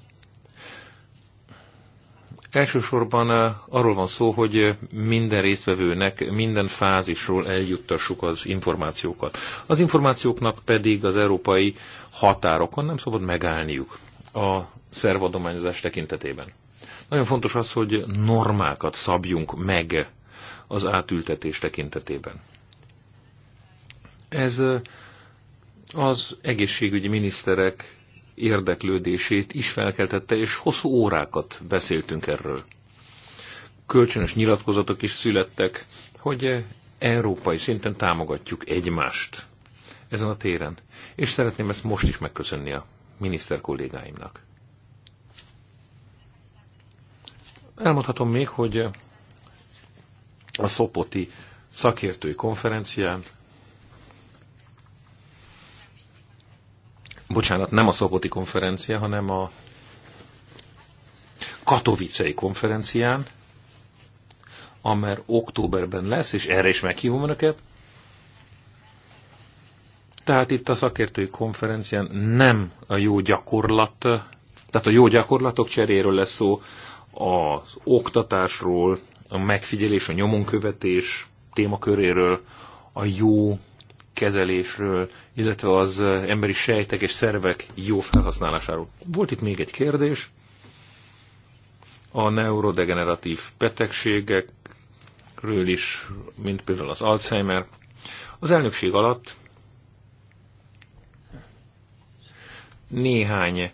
Elsősorban arról van szó, hogy minden résztvevőnek minden fázisról eljuttassuk az információkat. Az információknak pedig az európai határokon nem szabad megállniuk a szervadományozás tekintetében. Nagyon fontos az, hogy normákat szabjunk meg az átültetés tekintetében. Ez az egészségügyi miniszterek érdeklődését is felkeltette, és hosszú órákat beszéltünk erről. Kölcsönös nyilatkozatok is születtek, hogy európai szinten támogatjuk egymást ezen a téren. És szeretném ezt most is megköszönni a miniszter kollégáimnak. Elmondhatom még, hogy a Szopoti szakértői konferencián, bocsánat, nem a Szopoti konferencia, hanem a Katowicei konferencián, amely októberben lesz, és erre is meghívom önöket, tehát itt a szakértői konferencián nem a jó gyakorlat, tehát a jó gyakorlatok cseréről lesz szó, az oktatásról, a megfigyelés, a nyomonkövetés témaköréről, a jó kezelésről, illetve az emberi sejtek és szervek jó felhasználásáról. Volt itt még egy kérdés. A neurodegeneratív betegségekről is, mint például az Alzheimer. Az elnökség alatt néhány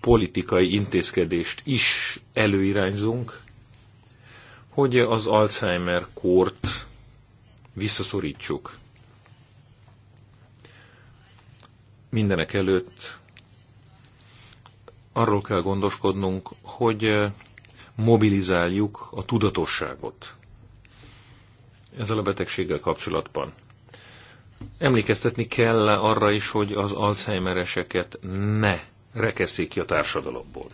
politikai intézkedést is előirányzunk, hogy az Alzheimer kort visszaszorítsuk. Mindenek előtt arról kell gondoskodnunk, hogy mobilizáljuk a tudatosságot ezzel a betegséggel kapcsolatban. Emlékeztetni kell arra is, hogy az alzheimereseket ne rekeszik ki a társadalomból.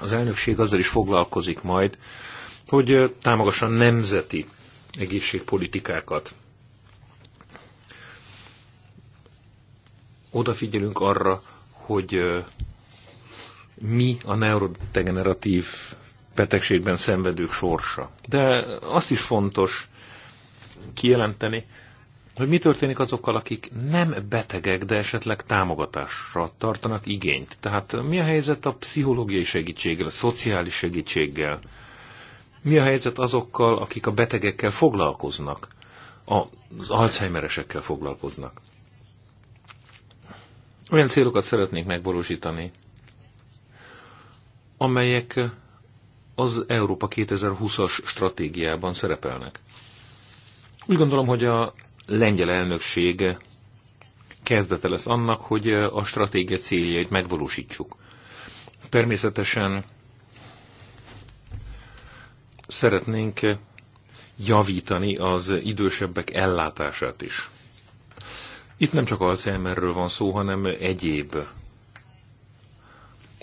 Az elnökség azzal is foglalkozik majd, hogy támogassa nemzeti egészségpolitikákat. Odafigyelünk arra, hogy mi a neurodegeneratív betegségben szenvedők sorsa. De azt is fontos kijelenteni, hogy mi történik azokkal, akik nem betegek, de esetleg támogatásra tartanak igényt. Tehát mi a helyzet a pszichológiai segítséggel, a szociális segítséggel? Mi a helyzet azokkal, akik a betegekkel foglalkoznak, az alzheimeresekkel foglalkoznak? Olyan célokat szeretnék megvalósítani, amelyek az Európa 2020-as stratégiában szerepelnek. Úgy gondolom, hogy a lengyel elnökség kezdete lesz annak, hogy a stratégia céljait megvalósítsuk. Természetesen szeretnénk javítani az idősebbek ellátását is. Itt nem csak Alzheimerről van szó, hanem egyéb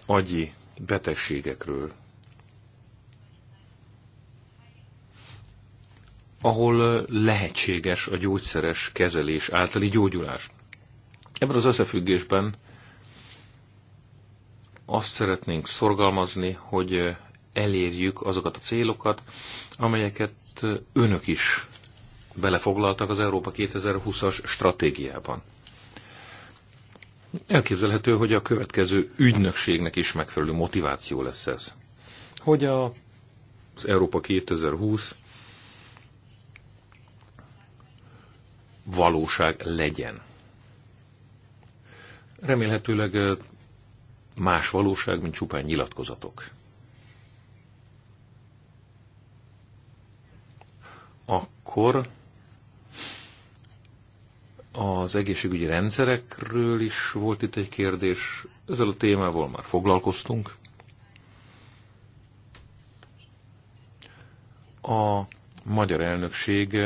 agyi betegségekről ahol lehetséges a gyógyszeres kezelés általi gyógyulás. Ebben az összefüggésben azt szeretnénk szorgalmazni, hogy elérjük azokat a célokat, amelyeket önök is belefoglaltak az Európa 2020-as stratégiában. Elképzelhető, hogy a következő ügynökségnek is megfelelő motiváció lesz ez. Hogy a, az Európa 2020 valóság legyen. Remélhetőleg más valóság, mint csupán nyilatkozatok. Akkor az egészségügyi rendszerekről is volt itt egy kérdés. Ezzel a témával már foglalkoztunk. A magyar elnökség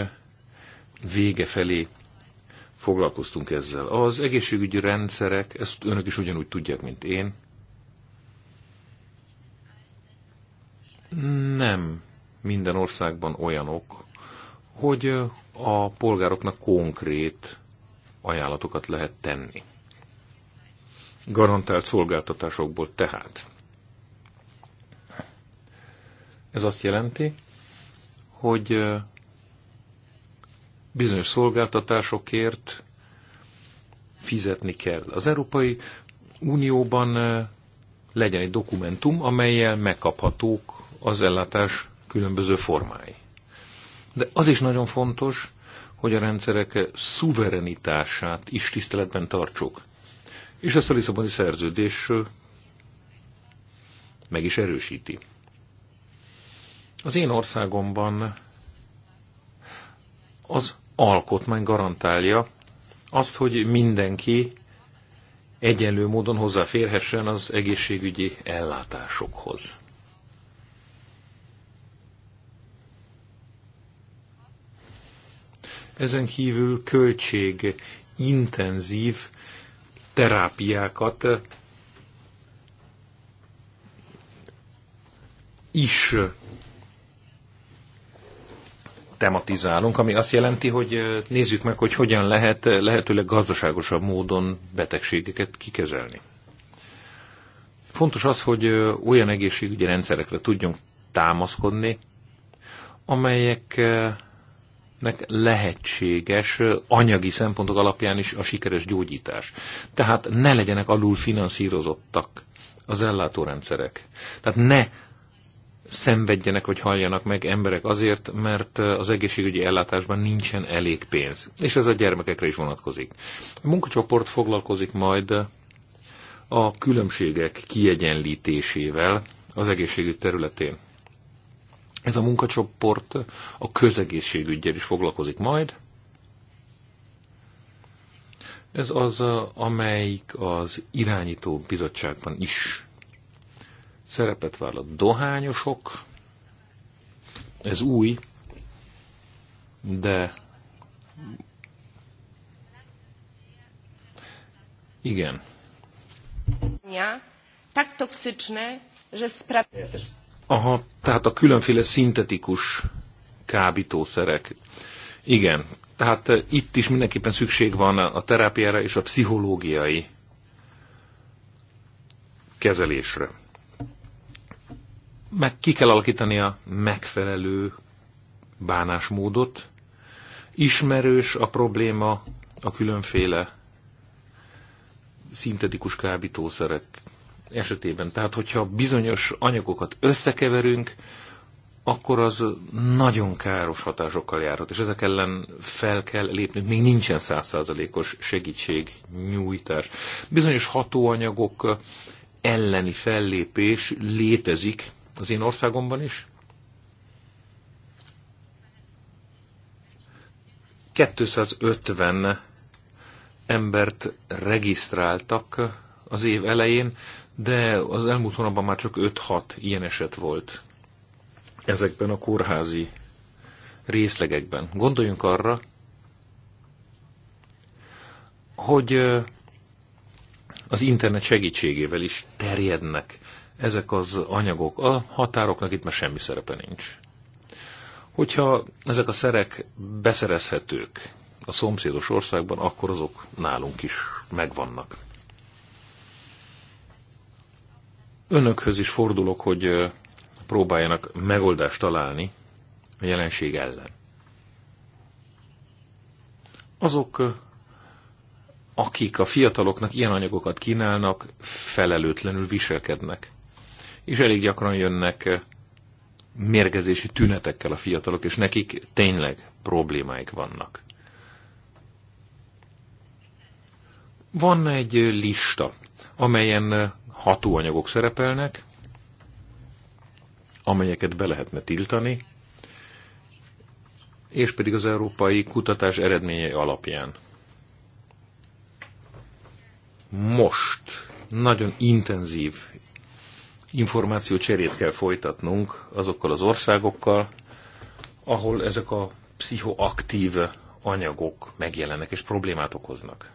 vége felé foglalkoztunk ezzel. Az egészségügyi rendszerek, ezt önök is ugyanúgy tudják, mint én, nem minden országban olyanok, hogy a polgároknak konkrét ajánlatokat lehet tenni. Garantált szolgáltatásokból tehát. Ez azt jelenti, hogy bizonyos szolgáltatásokért fizetni kell. Az Európai Unióban legyen egy dokumentum, amelyel megkaphatók az ellátás különböző formái. De az is nagyon fontos, hogy a rendszerek szuverenitását is tiszteletben tartsuk. És ezt a Lisszaboni szerződés meg is erősíti. Az én országomban az alkotmány garantálja azt, hogy mindenki egyenlő módon hozzáférhessen az egészségügyi ellátásokhoz. Ezen kívül költség intenzív terápiákat is tematizálunk, ami azt jelenti, hogy nézzük meg, hogy hogyan lehet lehetőleg gazdaságosabb módon betegségeket kikezelni. Fontos az, hogy olyan egészségügyi rendszerekre tudjunk támaszkodni, amelyeknek lehetséges anyagi szempontok alapján is a sikeres gyógyítás. Tehát ne legyenek alul finanszírozottak az ellátórendszerek. Tehát ne szenvedjenek, hogy halljanak meg emberek azért, mert az egészségügyi ellátásban nincsen elég pénz. És ez a gyermekekre is vonatkozik. A munkacsoport foglalkozik majd a különbségek kiegyenlítésével az egészségügy területén. Ez a munkacsoport a közegészségügyel is foglalkozik majd. Ez az, amelyik az irányító bizottságban is szerepet vállal dohányosok. Ez új, de igen. Tak toksyczne, że Aha, tehát a különféle szintetikus kábítószerek. Igen, tehát eh, itt is mindenképpen szükség van a terápiára és a pszichológiai kezelésre meg ki kell alakítani a megfelelő bánásmódot. Ismerős a probléma a különféle szintetikus kábítószerek esetében. Tehát, hogyha bizonyos anyagokat összekeverünk, akkor az nagyon káros hatásokkal járhat, és ezek ellen fel kell lépnünk. Még nincsen százszázalékos segítségnyújtás. Bizonyos hatóanyagok elleni fellépés létezik, az én országomban is. 250 embert regisztráltak az év elején, de az elmúlt hónapban már csak 5-6 ilyen eset volt ezekben a kórházi részlegekben. Gondoljunk arra, hogy az internet segítségével is terjednek ezek az anyagok. A határoknak itt már semmi szerepe nincs. Hogyha ezek a szerek beszerezhetők a szomszédos országban, akkor azok nálunk is megvannak. Önökhöz is fordulok, hogy próbáljanak megoldást találni a jelenség ellen. Azok, akik a fiataloknak ilyen anyagokat kínálnak, felelőtlenül viselkednek és elég gyakran jönnek eh, mérgezési tünetekkel a fiatalok, és nekik tényleg problémáik vannak. Van egy eh, lista, amelyen eh, hatóanyagok szerepelnek, amelyeket be lehetne tiltani, és pedig az európai kutatás eredményei alapján. Most nagyon intenzív információ cserét kell folytatnunk azokkal az országokkal, ahol ezek a pszichoaktív anyagok megjelennek és problémát okoznak.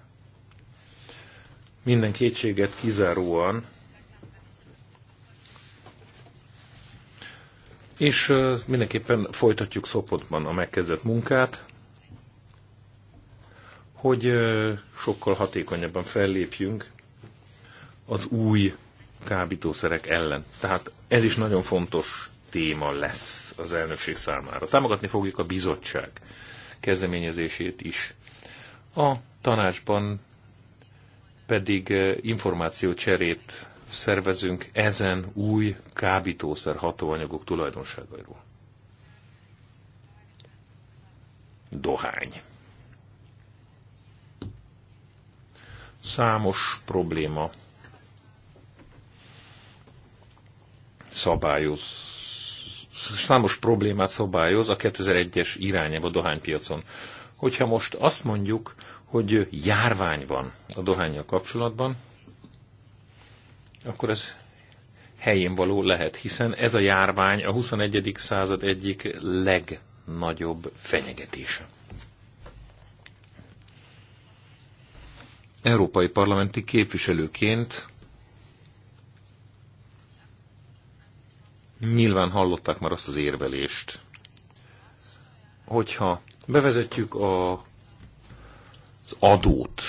Minden kétséget kizáróan És mindenképpen folytatjuk Szopotban a megkezdett munkát, hogy sokkal hatékonyabban fellépjünk az új kábítószerek ellen. Tehát ez is nagyon fontos téma lesz az elnökség számára. Támogatni fogjuk a bizottság kezdeményezését is. A tanácsban pedig eh, információcserét szervezünk ezen új kábítószer hatóanyagok tulajdonságairól. Dohány. Számos probléma szabályoz, számos problémát szabályoz a 2001-es irányába a dohánypiacon. Hogyha most azt mondjuk, hogy járvány van a dohányjal kapcsolatban, akkor ez helyén való lehet, hiszen ez a járvány a 21. század egyik legnagyobb fenyegetése. Európai parlamenti képviselőként Nyilván hallották már azt az érvelést, hogyha bevezetjük a, az adót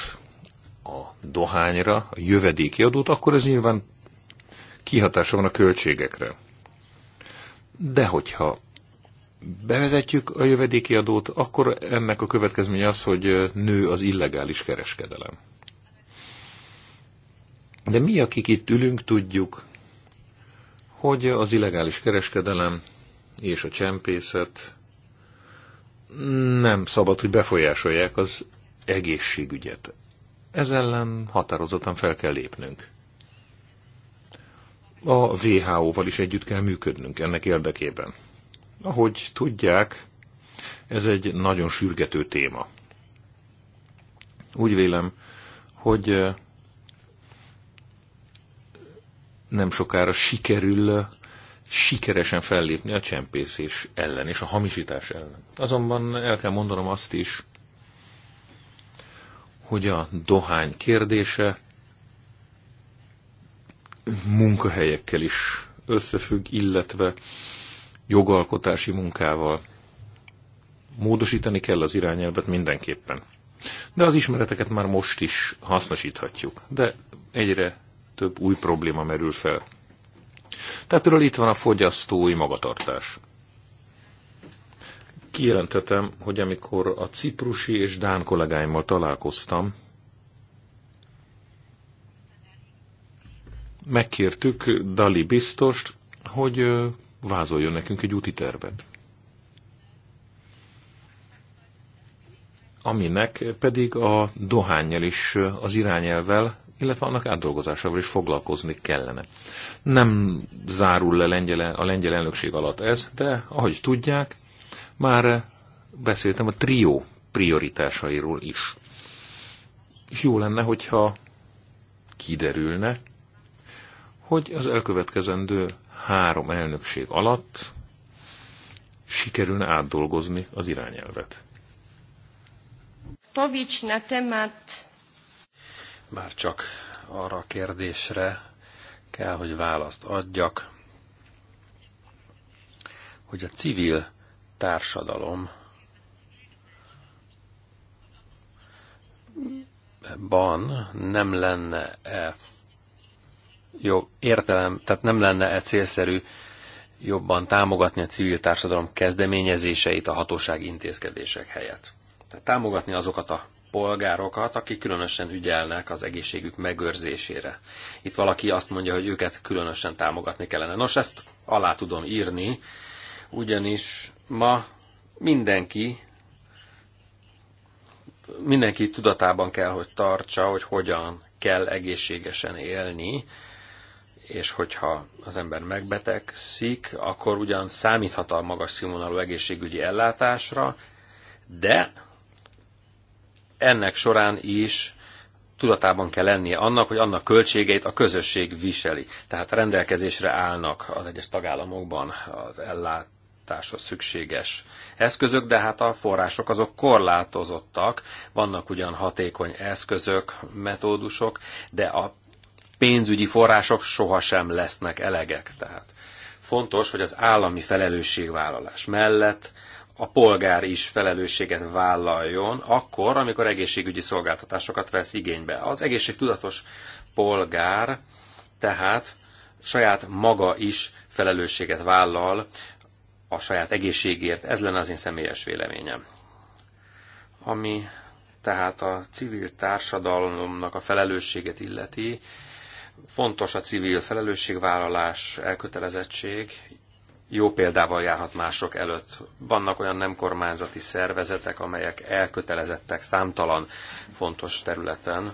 a dohányra, a jövedéki adót, akkor ez nyilván kihatása van a költségekre. De hogyha bevezetjük a jövedéki adót, akkor ennek a következménye az, hogy nő az illegális kereskedelem. De mi, akik itt ülünk, tudjuk, hogy az illegális kereskedelem és a csempészet nem szabad, hogy befolyásolják az egészségügyet. Ez ellen határozottan fel kell lépnünk. A WHO-val is együtt kell működnünk ennek érdekében. Ahogy tudják, ez egy nagyon sürgető téma. Úgy vélem, hogy nem sokára sikerül sikeresen fellépni a csempészés ellen és a hamisítás ellen. Azonban el kell mondanom azt is, hogy a dohány kérdése munkahelyekkel is összefügg, illetve jogalkotási munkával. Módosítani kell az irányelvet mindenképpen. De az ismereteket már most is hasznosíthatjuk, de egyre több új probléma merül fel. Tehát például itt van a fogyasztói magatartás. Kijelentetem, hogy amikor a ciprusi és dán kollégáimmal találkoztam, megkértük Dali biztost, hogy vázoljon nekünk egy úti tervet. Aminek pedig a dohányjal is az irányelvel illetve annak átdolgozásával is foglalkozni kellene. Nem zárul le lengyele, a lengyel elnökség alatt ez, de ahogy tudják, már beszéltem a trió prioritásairól is. És jó lenne, hogyha kiderülne, hogy az elkövetkezendő három elnökség alatt sikerülne átdolgozni az irányelvet. Powiedz na temat már csak arra a kérdésre kell, hogy választ adjak, hogy a civil társadalom ban nem lenne-e jó értelem, tehát nem lenne-e célszerű jobban támogatni a civil társadalom kezdeményezéseit a hatóság intézkedések helyett. Tehát támogatni azokat a polgárokat, akik különösen ügyelnek az egészségük megőrzésére. Itt valaki azt mondja, hogy őket különösen támogatni kellene. Nos, ezt alá tudom írni, ugyanis ma mindenki mindenki tudatában kell, hogy tartsa, hogy hogyan kell egészségesen élni, és hogyha az ember megbetegszik, akkor ugyan számíthat a magas színvonalú egészségügyi ellátásra, de ennek során is tudatában kell lennie annak, hogy annak költségeit a közösség viseli. Tehát rendelkezésre állnak az egyes tagállamokban az ellát szükséges eszközök, de hát a források azok korlátozottak, vannak ugyan hatékony eszközök, metódusok, de a pénzügyi források sohasem lesznek elegek. Tehát fontos, hogy az állami felelősségvállalás mellett a polgár is felelősséget vállaljon akkor, amikor egészségügyi szolgáltatásokat vesz igénybe. Az egészségtudatos polgár tehát saját maga is felelősséget vállal a saját egészségért. Ez lenne az én személyes véleményem. Ami tehát a civil társadalomnak a felelősséget illeti, fontos a civil felelősségvállalás, elkötelezettség, jó példával járhat mások előtt. Vannak olyan nem kormányzati szervezetek, amelyek elkötelezettek számtalan fontos területen,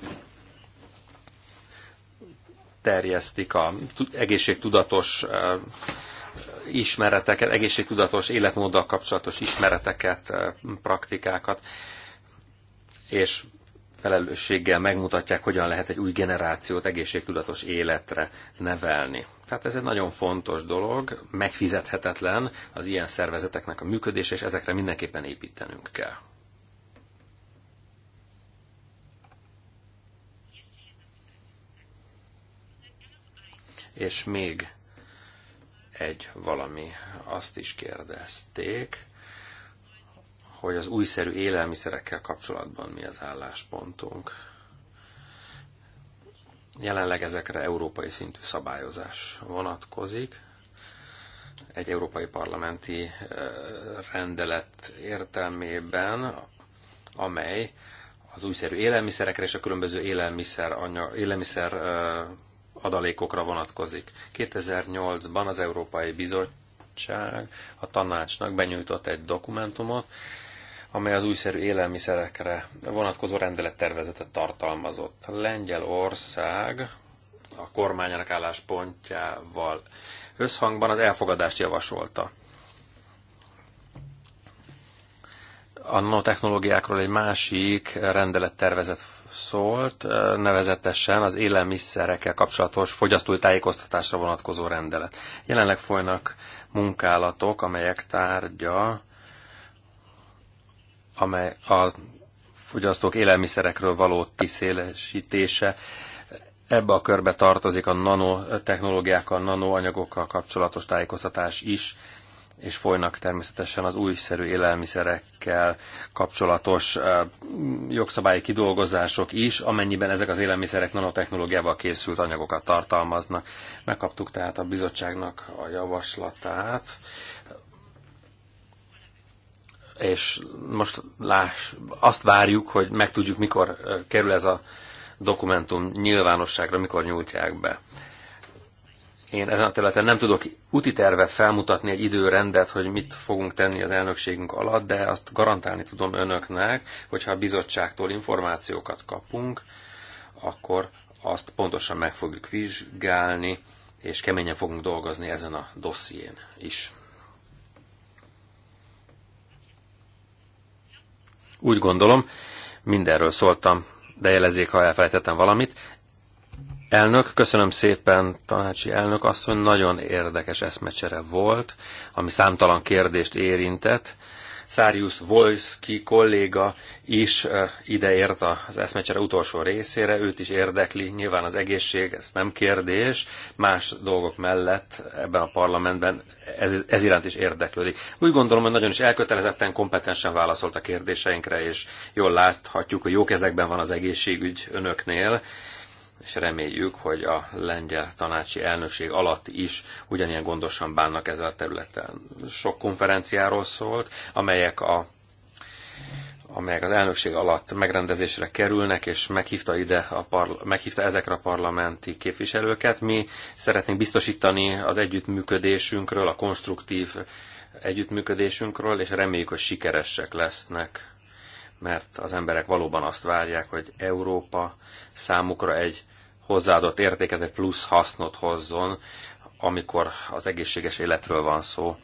terjesztik a egészségtudatos ismereteket, egészségtudatos életmóddal kapcsolatos ismereteket, praktikákat, és felelősséggel megmutatják, hogyan lehet egy új generációt egészségtudatos életre nevelni. Tehát ez egy nagyon fontos dolog, megfizethetetlen az ilyen szervezeteknek a működés, és ezekre mindenképpen építenünk kell. És még egy valami, azt is kérdezték, hogy az újszerű élelmiszerekkel kapcsolatban mi az álláspontunk. Jelenleg ezekre európai szintű szabályozás vonatkozik. Egy európai parlamenti eh, rendelet értelmében, amely az újszerű élelmiszerekre és a különböző élelmiszer, anya, élelmiszer eh, adalékokra vonatkozik. 2008-ban az Európai Bizottság a tanácsnak benyújtott egy dokumentumot, amely az újszerű élelmiszerekre vonatkozó rendelettervezetet tartalmazott. Lengyelország a kormányának álláspontjával összhangban az elfogadást javasolta. A nanotechnológiákról egy másik rendelettervezet szólt, nevezetesen az élelmiszerekkel kapcsolatos fogyasztói tájékoztatásra vonatkozó rendelet. Jelenleg folynak munkálatok, amelyek tárgya amely a fogyasztók élelmiszerekről való tiszélesítése. Ebbe a körbe tartozik a nanotechnológiákkal, nanoanyagokkal kapcsolatos tájékoztatás is, és folynak természetesen az újszerű élelmiszerekkel kapcsolatos jogszabályi kidolgozások is, amennyiben ezek az élelmiszerek nanotechnológiával készült anyagokat tartalmaznak. Megkaptuk tehát a bizottságnak a javaslatát és most láss, azt várjuk, hogy megtudjuk, mikor kerül ez a dokumentum nyilvánosságra, mikor nyújtják be. Én ezen a területen nem tudok úti tervet felmutatni, egy időrendet, hogy mit fogunk tenni az elnökségünk alatt, de azt garantálni tudom önöknek, hogyha a bizottságtól információkat kapunk, akkor azt pontosan meg fogjuk vizsgálni, és keményen fogunk dolgozni ezen a dosszién is. Úgy gondolom, mindenről szóltam, de jelezzék, ha elfelejtettem valamit. Elnök, köszönöm szépen, tanácsi elnök asszony, nagyon érdekes eszmecsere volt, ami számtalan kérdést érintett. Szárius Volszki kolléga is eh, ideért az eszmecsere utolsó részére, őt is érdekli, nyilván az egészség, ez nem kérdés, más dolgok mellett ebben a parlamentben ez, ez iránt is érdeklődik. Úgy gondolom, hogy nagyon is elkötelezetten, kompetensen válaszolt a kérdéseinkre, és jól láthatjuk, hogy jó kezekben van az egészségügy önöknél, és reméljük, hogy a lengyel tanácsi elnökség alatt is ugyanilyen gondosan bánnak ezzel a területen. Sok konferenciáról szólt, amelyek a amelyek az elnökség alatt megrendezésre kerülnek, és meghívta, ide a parla- meghívta ezekre a parlamenti képviselőket. Mi szeretnénk biztosítani az együttműködésünkről, a konstruktív együttműködésünkről, és reméljük, hogy sikeresek lesznek, mert az emberek valóban azt várják, hogy Európa számukra egy hozzáadott értéket, egy plusz hasznot hozzon, amikor az egészséges életről van szó.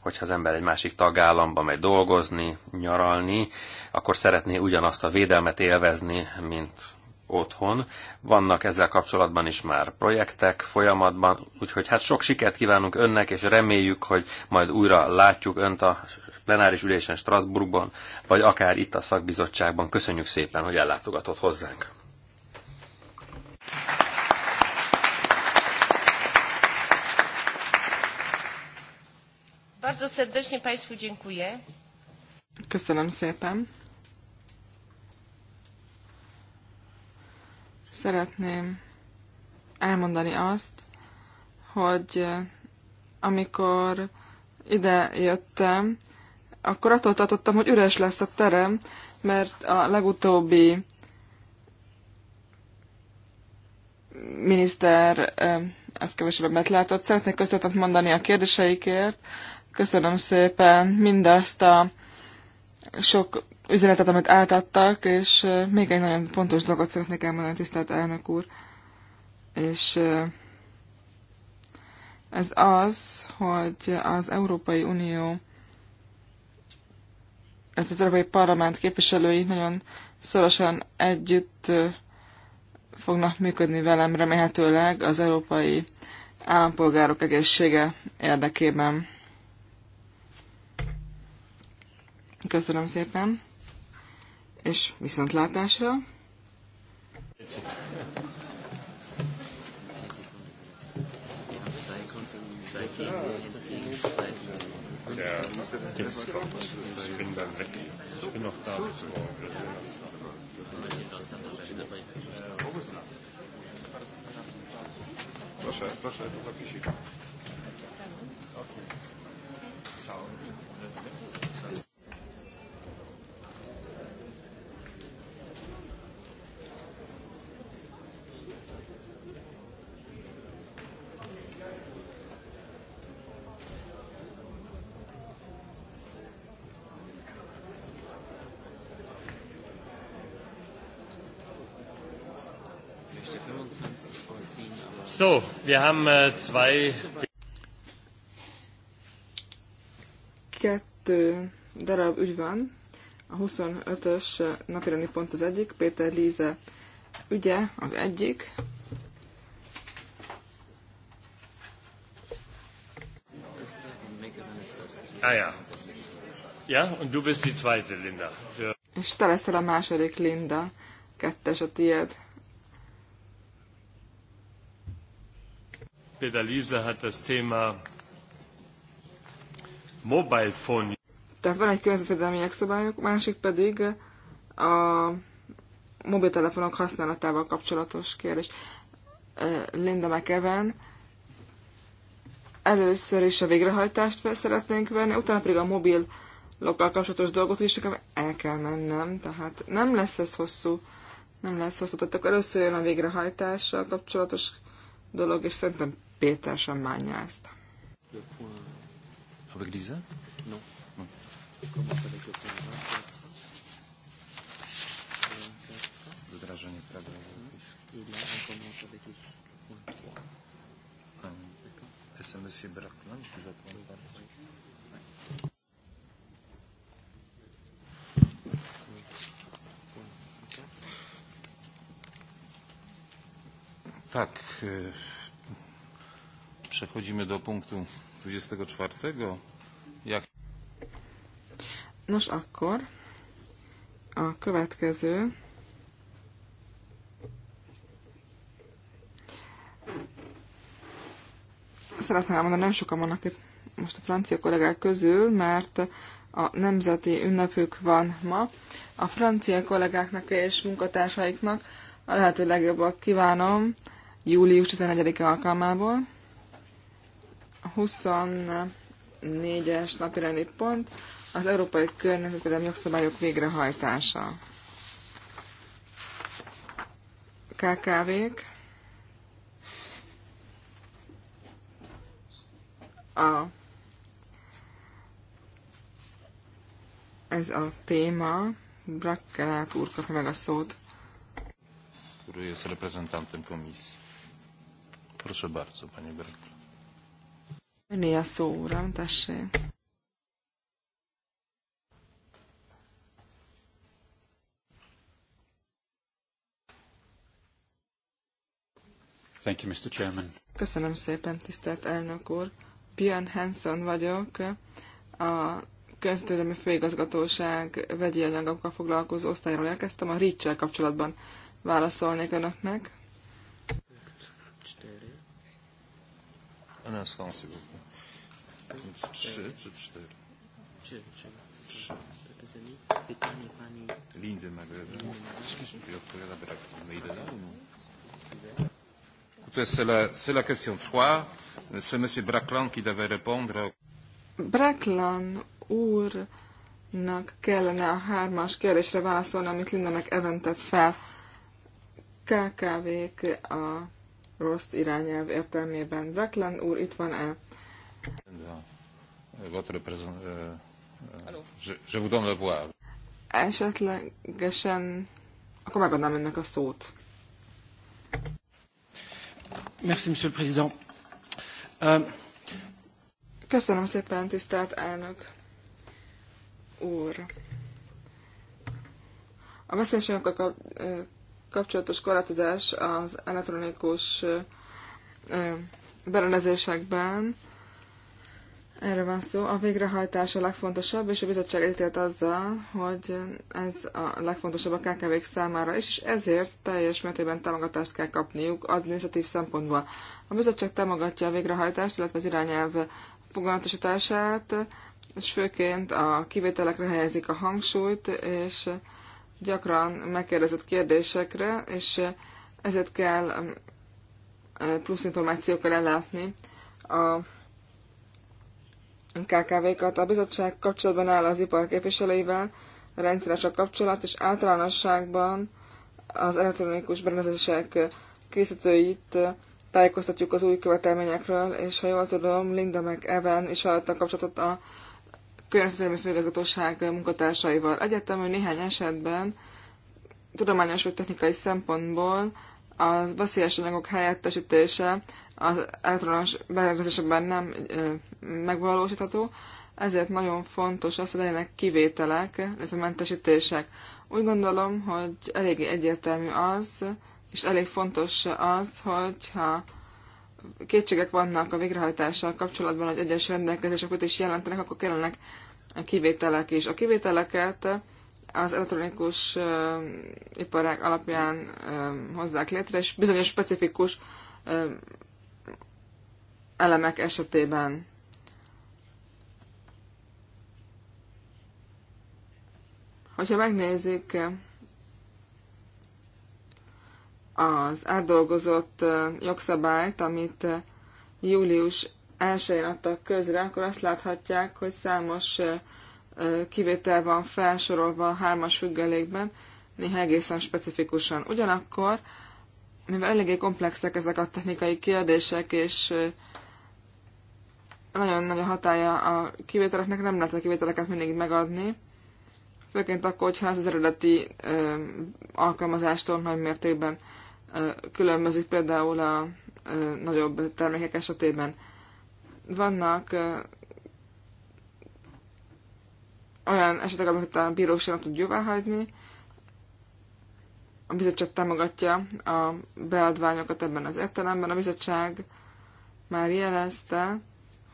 Hogyha az ember egy másik tagállamba megy dolgozni, nyaralni, akkor szeretné ugyanazt a védelmet élvezni, mint otthon. Vannak ezzel kapcsolatban is már projektek folyamatban, úgyhogy hát sok sikert kívánunk önnek, és reméljük, hogy majd újra látjuk önt a plenáris ülésen Strasbourgban, vagy akár itt a szakbizottságban. Köszönjük szépen, hogy ellátogatott hozzánk. Bardzo serdecznie Państwu dziękuję. Köszönöm szépen. Szeretném elmondani azt, hogy eh, amikor ide jöttem, akkor attól tartottam, hogy üres lesz a terem, mert a legutóbbi miniszter ezt kevesebbet látott. Szeretnék köszönetet mondani a kérdéseikért. Köszönöm szépen mindazt a sok üzenetet, amit átadtak, és még egy nagyon fontos dolgot szeretnék elmondani, tisztelt elnök úr. És ez az, hogy az Európai Unió, ez az Európai Parlament képviselői nagyon szorosan együtt fognak működni velem remélhetőleg az európai állampolgárok egészsége érdekében. Köszönöm szépen, és viszontlátásra! Der Ich bin Ich bin noch da Proszę, proszę, to zapisika. So, wir haben äh, zwei... Kettő darab ügy van. A 25-ös napirani pont az egyik, Péter Líze ügye az egyik. Ah, ja. Ja, und du bist die zweite, Linda. Ja. És te leszel a második, Linda. Kettes a tied. Peter Liese hat das Thema Mobile Phone. Tehát van egy környezetvédelmi jogszabályok, másik pedig a mobiltelefonok használatával kapcsolatos kérdés. Linda McEwen először is a végrehajtást fel szeretnénk venni, utána pedig a mobil lokkal kapcsolatos dolgot is, nekem el kell mennem, tehát nem lesz ez hosszú, nem lesz hosszú, tehát akkor először jön a végrehajtással kapcsolatos dolog, és szerintem Péter sammánja ezt. Avec Lisa? Non. non. Commence avec le point 24. Le drageon est pas mm. Et là, on commence avec le point 3. Et c'est M. Brackman qui va prendre la parole. Tak. Euh, Przechodzimy do punktu 24. Jak... Nos, akkor a következő szeretném elmondani, nem sokan vannak itt most a francia kollégák közül, mert a nemzeti ünnepük van ma. A francia kollégáknak és munkatársaiknak a lehető legjobbak kívánom július 11 alkalmából. 24-es napirendi pont az európai környezetvédelmi jogszabályok végrehajtása. KKV-k. A, ez a téma. Brakkelát úr kapja meg a szót. Który jest reprezentantem komisji. Proszę bardzo, panie Brakkel. Öné a szó, uram, tessék. Thank you, Mr. Chairman. Köszönöm szépen, tisztelt elnök úr. Björn Hanson vagyok, a Környezetvédelmi Főigazgatóság vegyi anyagokkal foglalkozó osztályról érkeztem, a reach kapcsolatban válaszolnék önöknek. Un instant, s'il vous Trzy czy cztery? Trzy. Trzy. Pytanie pani... Lindy Magdalena. odpowiada brak Meidena. Écoutez, c'est la, c'est la question 3. C'est M. Braclan qui devait répondre. Braclan úrnak kellene a hármas kérdésre válaszolni, amit Linda meg eventett fel. KKV-k a rossz irányelv értelmében. Braclan úr, itt van-e? Euh, euh, Esetlegesen, akkor megadnám önnek a szót. Merci, Monsieur le Président. Euh, Köszönöm szépen, tisztelt elnök úr. A beszélségokkal kapcsolatos korlátozás az elektronikus berendezésekben Erről van szó. A végrehajtás a legfontosabb, és a bizottság ítélt azzal, hogy ez a legfontosabb a kkv számára is, és ezért teljes mértékben támogatást kell kapniuk adminisztratív szempontból. A bizottság támogatja a végrehajtást, illetve az irányelv foganatosítását, és főként a kivételekre helyezik a hangsúlyt, és gyakran megkérdezett kérdésekre, és ezért kell plusz információkkal ellátni a KKV-kat. A bizottság kapcsolatban áll az ipar képviselőivel, rendszeres a kapcsolat, és általánosságban az elektronikus berendezések készítőit tájékoztatjuk az új követelményekről, és ha jól tudom, Linda meg Evan is adta kapcsolatot a környezetvédelmi főigazgatóság munkatársaival. hogy néhány esetben tudományos vagy technikai szempontból a veszélyes anyagok helyettesítése az elektronos berendezésekben nem megvalósítható, ezért nagyon fontos az, hogy legyenek kivételek, illetve mentesítések. Úgy gondolom, hogy elég egyértelmű az, és elég fontos az, hogyha kétségek vannak a végrehajtással kapcsolatban, hogy egyes rendelkezések is jelentenek, akkor kellenek a kivételek is. A kivételeket az elektronikus uh, iparág alapján uh, hozzák létre, és bizonyos specifikus uh, elemek esetében. Hogyha megnézzük eh, az átdolgozott eh, jogszabályt, amit eh, július 1-én adtak közre, akkor azt láthatják, hogy számos kivétel van felsorolva a hármas függelékben, néha egészen specifikusan. Ugyanakkor, mivel eléggé komplexek ezek a technikai kérdések, és nagyon nagy a hatája a kivételeknek, nem lehet a kivételeket mindig megadni, főként akkor, hogyha ez az eredeti ö, alkalmazástól nagy mértékben ö, különbözik, például a ö, nagyobb termékek esetében. Vannak ö, olyan esetek, amiket a bíróság tud jóváhagyni, a bizottság támogatja a beadványokat ebben az értelemben. A bizottság már jelezte,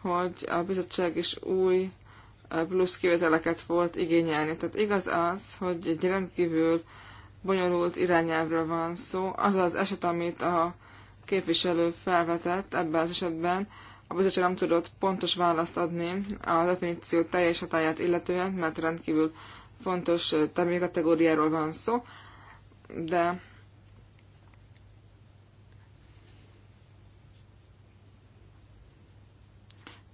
hogy a bizottság is új plusz kivételeket volt igényelni. Tehát igaz az, hogy egy rendkívül bonyolult irányelvről van szó. Az az eset, amit a képviselő felvetett ebben az esetben, a bizottság nem tudott pontos választ adni a definíció teljes hatáját illetően, mert rendkívül fontos termékkategóriáról van szó, de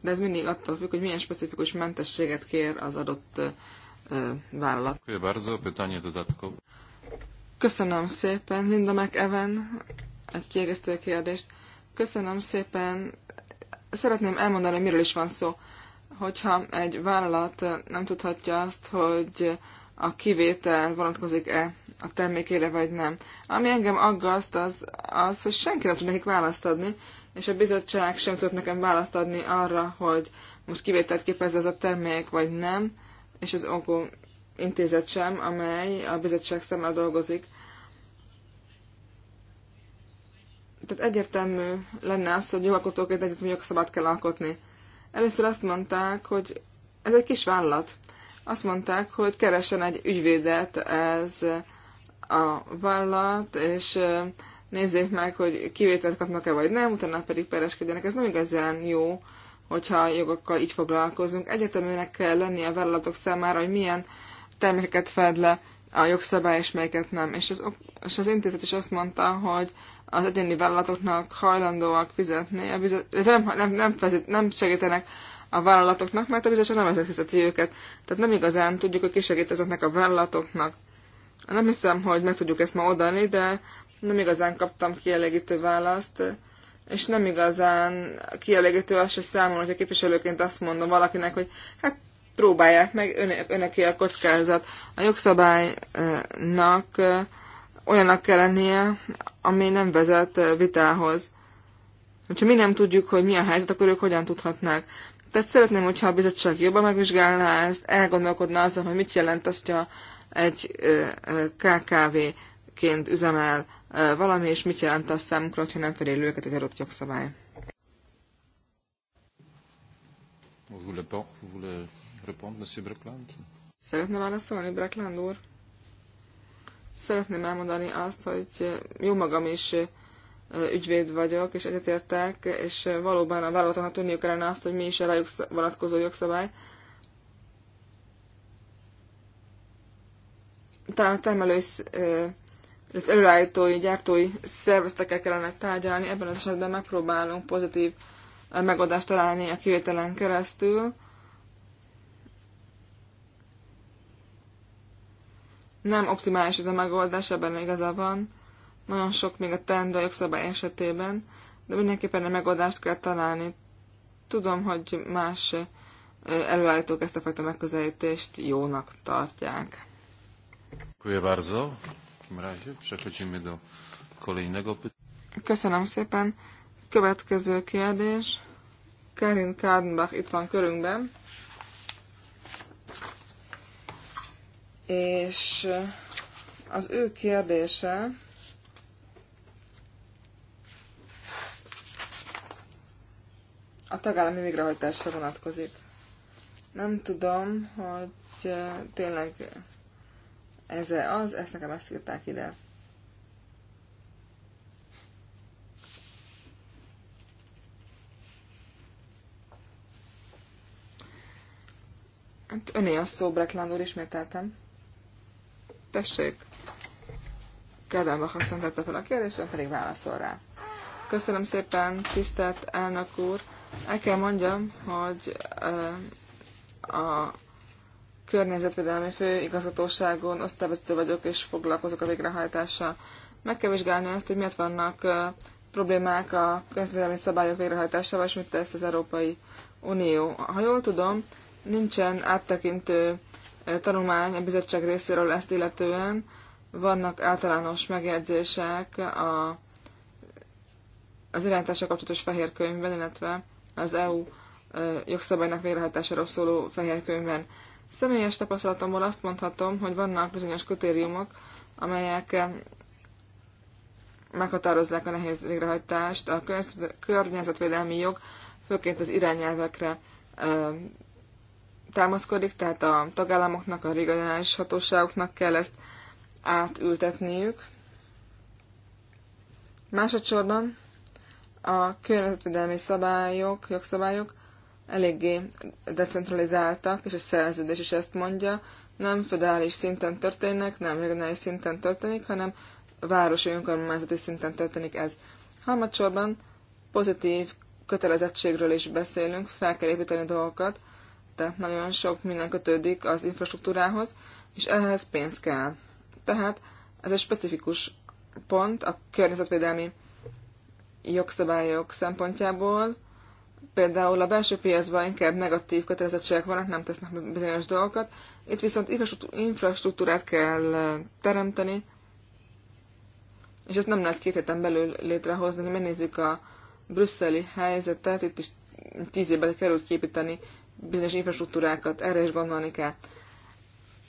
de ez mindig attól függ, hogy milyen specifikus mentességet kér az adott vállalat. Köszönöm szépen, Linda McEwen, egy kiegészítő kérdést. Köszönöm szépen. Szeretném elmondani, miről is van szó. Hogyha egy vállalat nem tudhatja azt, hogy a kivétel vonatkozik-e a termékére, vagy nem. Ami engem aggaszt, az, az hogy senki nem tud nekik választ adni, és a bizottság sem tudott nekem választ adni arra, hogy most kivételt képez ez a termék, vagy nem, és az Onkó intézet sem, amely a bizottság szemmel dolgozik. Tehát egyértelmű lenne az, hogy jogalkotóként egyetemű jogszabát kell alkotni. Először azt mondták, hogy ez egy kis vállalat. Azt mondták, hogy keresen egy ügyvédet ez a vállalat, és nézzék meg, hogy kivételt kapnak-e vagy nem, utána pedig pereskedjenek. Ez nem igazán jó, hogyha jogokkal így foglalkozunk. Egyeteműnek kell lenni a vállalatok számára, hogy milyen termékeket fed le a jogszabály, és melyeket nem. És az, és az intézet is azt mondta, hogy az egyéni vállalatoknak hajlandóak fizetni, a bizet, nem, nem, nem, fezet, nem segítenek a vállalatoknak, mert a bizottság nem ezek fizeti őket. Tehát nem igazán tudjuk, hogy ki segít ezeknek a vállalatoknak. Nem hiszem, hogy meg tudjuk ezt ma oldani, de nem igazán kaptam kielégítő választ, és nem igazán kielégítő az se számomra, hogyha képviselőként azt mondom valakinek, hogy hát próbálják meg ön, a kockázat. A jogszabálynak olyanak kell lennie, ami nem vezet vitához. Hogyha mi nem tudjuk, hogy mi a helyzet, akkor ők hogyan tudhatnák. Tehát szeretném, hogyha a bizottság jobban megvizsgálná ezt, elgondolkodna azon, hogy mit jelent az, hogyha egy KKV-ként üzemel valami, és mit jelent az számunkra, hogyha nem felé őket egy adott jogszabály. Szeretne válaszolni, Breckland úr? Szeretném elmondani azt, hogy jó magam is ügyvéd vagyok, és egyetértek, és valóban a vállalatoknak tudniuk kellene azt, hogy mi is a rájuk vonatkozó jogszabály. Talán a termelői az előállítói, gyártói szervezetekkel kellene tárgyalni, ebben az esetben megpróbálunk pozitív eh, megoldást találni a kivételen keresztül. Nem optimális ez a megoldás, ebben igaza van. Nagyon sok még a teendő jogszabály esetében, de mindenképpen egy megoldást kell találni. Tudom, hogy más eh, előállítók ezt a fajta megközelítést jónak tartják. Köszönöm takim razie przechodzimy do kolejnego pytania. Köszönöm szépen. Következő kérdés. Karin Kadenbach itt van körünkben. És az ő kérdése a tagállami végrehajtásra vonatkozik. Nem tudom, hogy tényleg ez az, ezt nekem ezt írták ide. Hát öné a szó, Breckland úr, ismételtem. Tessék. Kádámbach asszony tette fel a kérdést, ön pedig válaszol rá. Köszönöm szépen, tisztelt elnök úr. El kell mondjam, hogy uh, a környezetvédelmi főigazgatóságon osztályvezető vagyok, és foglalkozok a végrehajtással. Meg kell vizsgálni azt, hogy miért vannak problémák a környezetvédelmi szabályok végrehajtásával, és mit tesz az Európai Unió. Ha jól tudom, nincsen áttekintő tanulmány a bizottság részéről ezt illetően, vannak általános megjegyzések a, az irányítással kapcsolatos fehér könyvben, illetve az EU jogszabálynak végrehajtásáról szóló fehér könyvben. Személyes tapasztalatomból azt mondhatom, hogy vannak bizonyos kritériumok, amelyek eh, meghatározzák a nehéz végrehajtást. A környezetvédelmi jog főként az irányelvekre eh, támaszkodik, tehát a tagállamoknak, a régionális hatóságoknak kell ezt átültetniük. Másodszorban a környezetvédelmi szabályok, jogszabályok eléggé decentralizáltak, és a szerződés is ezt mondja, nem federális szinten történnek, nem regionális szinten történik, hanem városi önkormányzati szinten történik ez. Harmadsorban pozitív kötelezettségről is beszélünk, fel kell építeni dolgokat, tehát nagyon sok minden kötődik az infrastruktúrához, és ehhez pénz kell. Tehát ez egy specifikus pont a környezetvédelmi jogszabályok szempontjából, például a belső piacban inkább negatív kötelezettségek vannak, nem tesznek bizonyos dolgokat. Itt viszont infrastruktúrát kell teremteni, és ezt nem lehet két héten belül létrehozni. Ha megnézzük a brüsszeli helyzetet, itt is tíz évben került képíteni bizonyos infrastruktúrákat, erre is gondolni kell.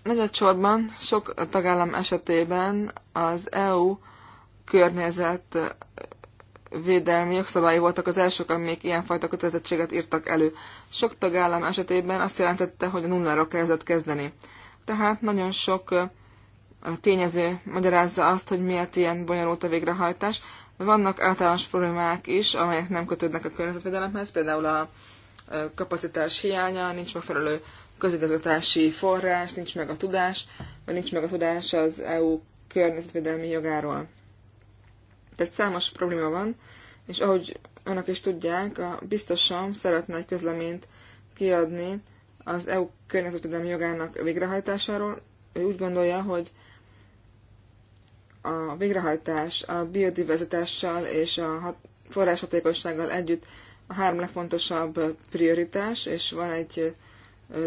Negyedsorban sok tagállam esetében az EU környezet védelmi jogszabályi voltak az elsők, amik ilyenfajta kötelezettséget írtak elő. Sok tagállam esetében azt jelentette, hogy a nulláról kezdett kezdeni. Tehát nagyon sok tényező magyarázza azt, hogy miért ilyen bonyolult a végrehajtás. Vannak általános problémák is, amelyek nem kötődnek a környezetvédelemhez, például a kapacitás hiánya, nincs megfelelő közigazgatási forrás, nincs meg a tudás, vagy nincs meg a tudás az EU környezetvédelmi jogáról. Tehát számos probléma van, és ahogy önök is tudják, a biztosan szeretne egy közleményt kiadni az EU környezetvédelmi jogának végrehajtásáról. Ő úgy gondolja, hogy a végrehajtás a biodiverzitással és a forráshatékossággal együtt a három legfontosabb prioritás, és van egy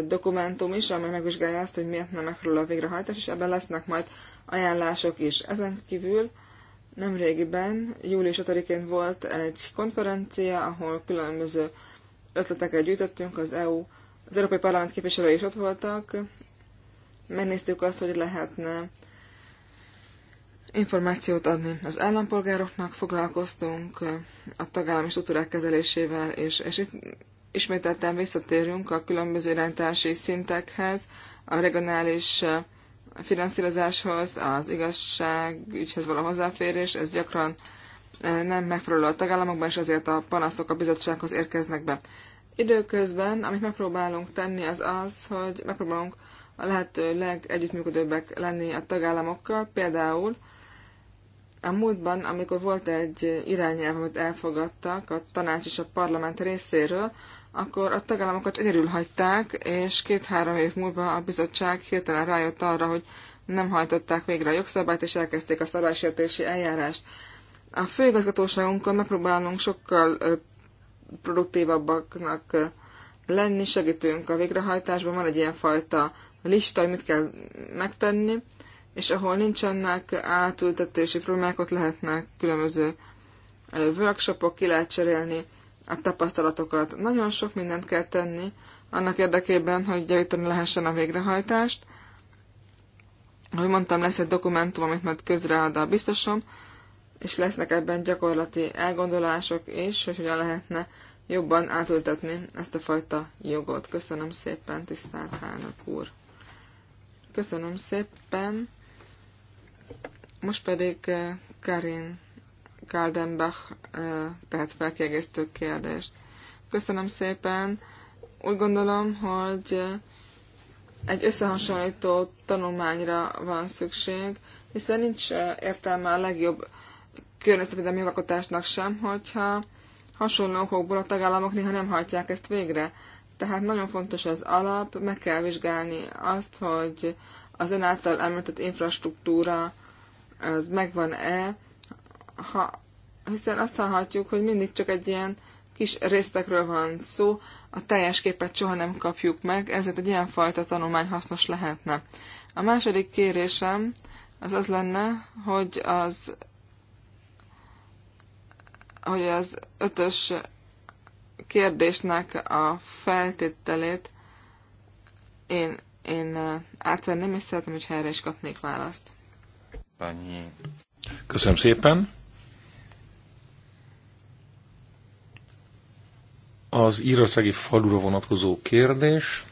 dokumentum is, amely megvizsgálja azt, hogy miért nem megről a végrehajtás, és ebben lesznek majd ajánlások is. Ezen kívül Nemrégiben, július 5-én volt egy konferencia, ahol különböző ötleteket gyűjtöttünk, az EU, az Európai Parlament képviselői is ott voltak. Megnéztük azt, hogy lehetne információt adni az állampolgároknak, foglalkoztunk a tagállami struktúrák kezelésével, és, és itt ismételten visszatérünk a különböző iránytási szintekhez, a regionális finanszírozáshoz, az igazságügyhez való hozzáférés, ez gyakran eh, nem megfelelő a tagállamokban, és ezért a panaszok a bizottsághoz érkeznek be. Időközben, amit megpróbálunk tenni, az az, hogy megpróbálunk a lehető legegyüttműködőbbek lenni a tagállamokkal. Például a múltban, amikor volt egy irányelv, amit elfogadtak a tanács és a parlament részéről, akkor a tagállamokat egyedül hagyták, és két-három év múlva a bizottság hirtelen rájött arra, hogy nem hajtották végre a jogszabályt, és elkezdték a szabálysértési eljárást. A főigazgatóságunkon megpróbálunk sokkal produktívabbaknak lenni, segítünk a végrehajtásban, van egy ilyenfajta lista, hogy mit kell megtenni, és ahol nincsenek átültetési problémák, ott lehetnek különböző workshopok, ki lehet cserélni a tapasztalatokat. Nagyon sok mindent kell tenni annak érdekében, hogy javítani lehessen a végrehajtást. Ahogy mondtam, lesz egy dokumentum, amit majd közread a biztosom, és lesznek ebben gyakorlati elgondolások is, hogy hogyan lehetne jobban átültetni ezt a fajta jogot. Köszönöm szépen, tisztelt elnök úr! Köszönöm szépen! Most pedig eh, Karin Kaldenbach tehát felkiegészítő kérdést. Köszönöm szépen. Úgy gondolom, hogy egy összehasonlító tanulmányra van szükség, hiszen nincs értelme a legjobb környezetvédelmi jogalkotásnak sem, hogyha hasonló okokból a tagállamok néha nem hajtják ezt végre. Tehát nagyon fontos az alap, meg kell vizsgálni azt, hogy az ön által említett infrastruktúra az megvan-e, ha, hiszen azt hallhatjuk, hogy mindig csak egy ilyen kis résztekről van szó, a teljes képet soha nem kapjuk meg, ezért egy ilyenfajta tanulmány hasznos lehetne. A második kérésem az az lenne, hogy az hogy az ötös kérdésnek a feltételét én, én átvenném, és szeretném, hogy erre is kapnék választ. Köszönöm szépen. az írországi falura vonatkozó kérdés.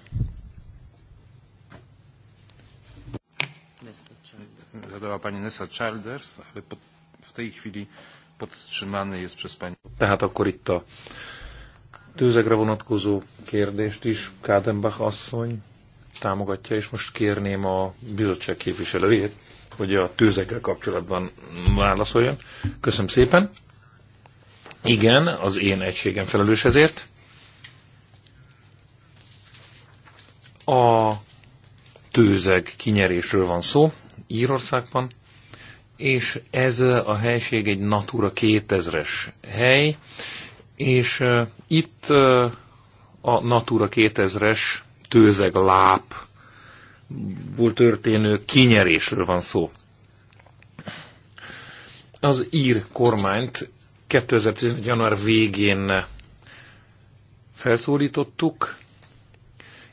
pani Nessa Tehát akkor itt a tőzegre vonatkozó kérdést is Kádenbach asszony támogatja, és most kérném a bizottság képviselőjét, hogy a tőzegre kapcsolatban válaszoljon. Köszönöm szépen! Igen, az én egységem felelős ezért. A tőzeg kinyerésről van szó Írországban, és ez a helység egy Natura 2000-es hely, és itt a Natura 2000-es tőzeg lápból történő kinyerésről van szó. Az ír kormányt 2011. január végén felszólítottuk,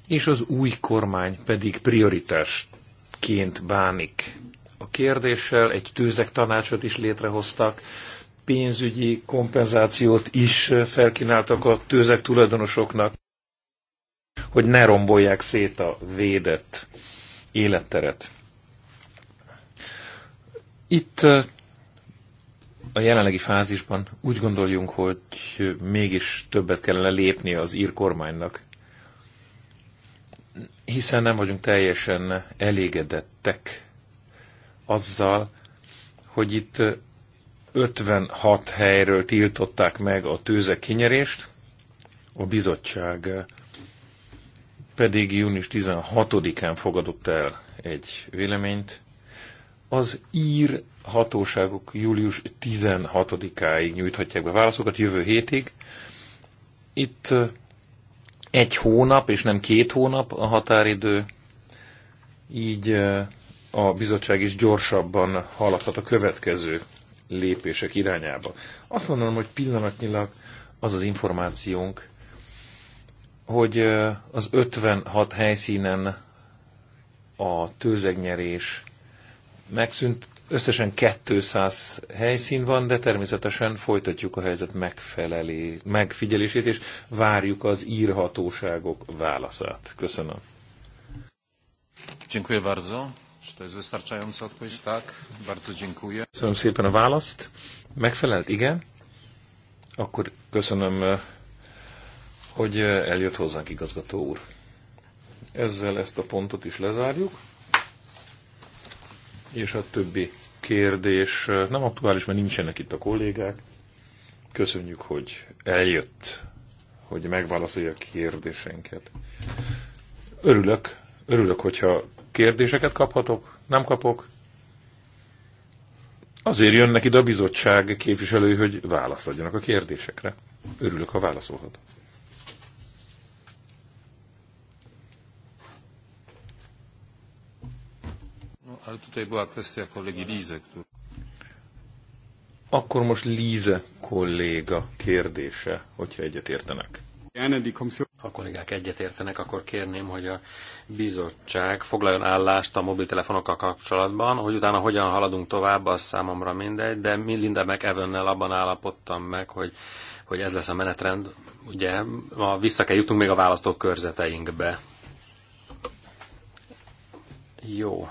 és az új kormány pedig prioritásként bánik a kérdéssel, egy tőzek tanácsot is létrehoztak, pénzügyi kompenzációt is felkínáltak a tőzek tulajdonosoknak, hogy ne rombolják szét a védett életteret. Itt a jelenlegi fázisban úgy gondoljunk, hogy mégis többet kellene lépni az ír kormánynak, hiszen nem vagyunk teljesen elégedettek azzal, hogy itt 56 helyről tiltották meg a tőzek kinyerést, a bizottság pedig június 16-án fogadott el egy véleményt. Az ír hatóságok július 16-áig nyújthatják be válaszokat, jövő hétig. Itt egy hónap, és nem két hónap a határidő, így a bizottság is gyorsabban haladhat a következő lépések irányába. Azt mondom, hogy pillanatnyilag az az információnk, hogy az 56 helyszínen a tőzegnyerés megszűnt, Összesen 200 helyszín van, de természetesen folytatjuk a helyzet megfelelé, megfigyelését, és várjuk az írhatóságok válaszát. Köszönöm. Dziękuję bardzo. Czy to jest wystarczająca odpowiedź? Tak. Bardzo dziękuję. Köszönöm szépen a választ. Megfelelt? Igen. Akkor köszönöm, hogy eljött hozzánk igazgató úr. Ezzel ezt a pontot is lezárjuk, és a többi kérdés nem aktuális, mert nincsenek itt a kollégák. Köszönjük, hogy eljött, hogy megválaszolja a kérdésenket. Örülök, örülök, hogyha kérdéseket kaphatok, nem kapok. Azért jönnek ide a bizottság képviselői, hogy választ adjanak a kérdésekre. Örülök, ha válaszolhat. tutaj była kwestia kolegi Lize, który... Akkor most Líze kolléga kérdése, hogyha egyetértenek. Ha a kollégák egyetértenek, akkor kérném, hogy a bizottság foglaljon állást a mobiltelefonokkal kapcsolatban, hogy utána hogyan haladunk tovább, az számomra mindegy, de mi Linda McEvennel abban állapodtam meg, hogy, hogy ez lesz a menetrend. Ugye ma vissza kell jutnunk még a választók körzeteinkbe. Jó,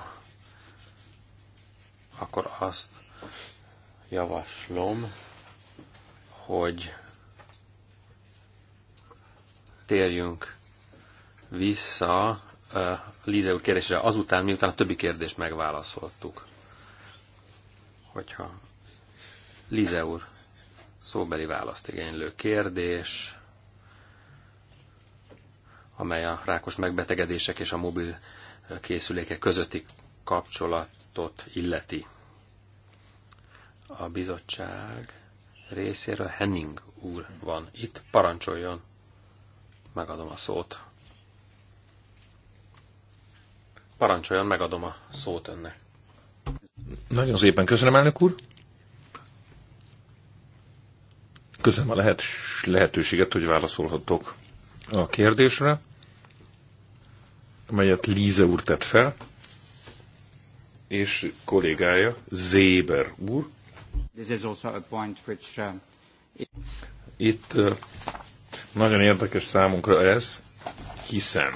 akkor azt javaslom, hogy térjünk vissza Líze úr kérdésre azután, miután a többi kérdést megválaszoltuk. Hogyha Líze úr szóbeli választ igénylő kérdés, amely a rákos megbetegedések és a mobil készülékek közötti kapcsolat javaslatot illeti. A bizottság részéről Henning úr van itt. Parancsoljon, megadom a szót. Parancsoljon, megadom a szót önnek. Nagyon szépen köszönöm, elnök úr. Köszönöm a lehet, lehetőséget, hogy válaszolhatok a kérdésre, amelyet Líze úr tett fel és kollégája Zéber úr. Uh, Itt uh, nagyon érdekes számunkra ez, hiszen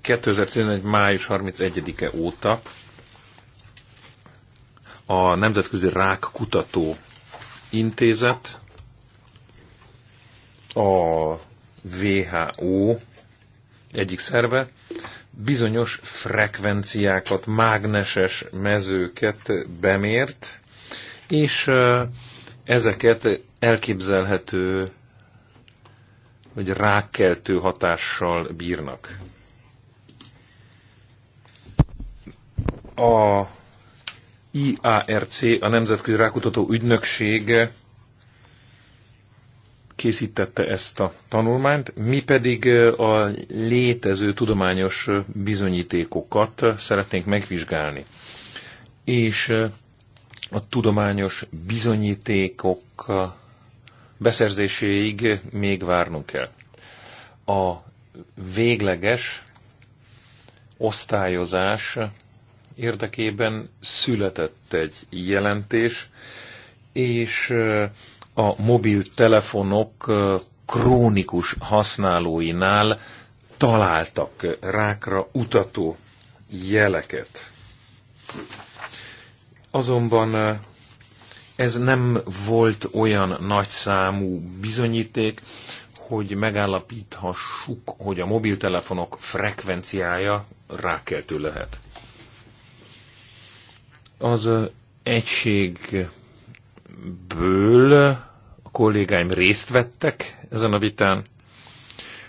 2011. május 31-e óta a Nemzetközi Rák Kutató Intézet, a WHO egyik szerve bizonyos frekvenciákat, mágneses mezőket bemért, és ezeket elképzelhető, hogy rákkeltő hatással bírnak. A IARC, a Nemzetközi Rákutató Ügynökség készítette ezt a tanulmányt, mi pedig a létező tudományos bizonyítékokat szeretnénk megvizsgálni. És a tudományos bizonyítékok beszerzéséig még várnunk kell. A végleges osztályozás érdekében született egy jelentés, és a mobiltelefonok krónikus használóinál találtak rákra utató jeleket. Azonban ez nem volt olyan nagy számú bizonyíték, hogy megállapíthassuk, hogy a mobiltelefonok frekvenciája rákeltő lehet. Az egység ből a kollégáim részt vettek ezen a vitán,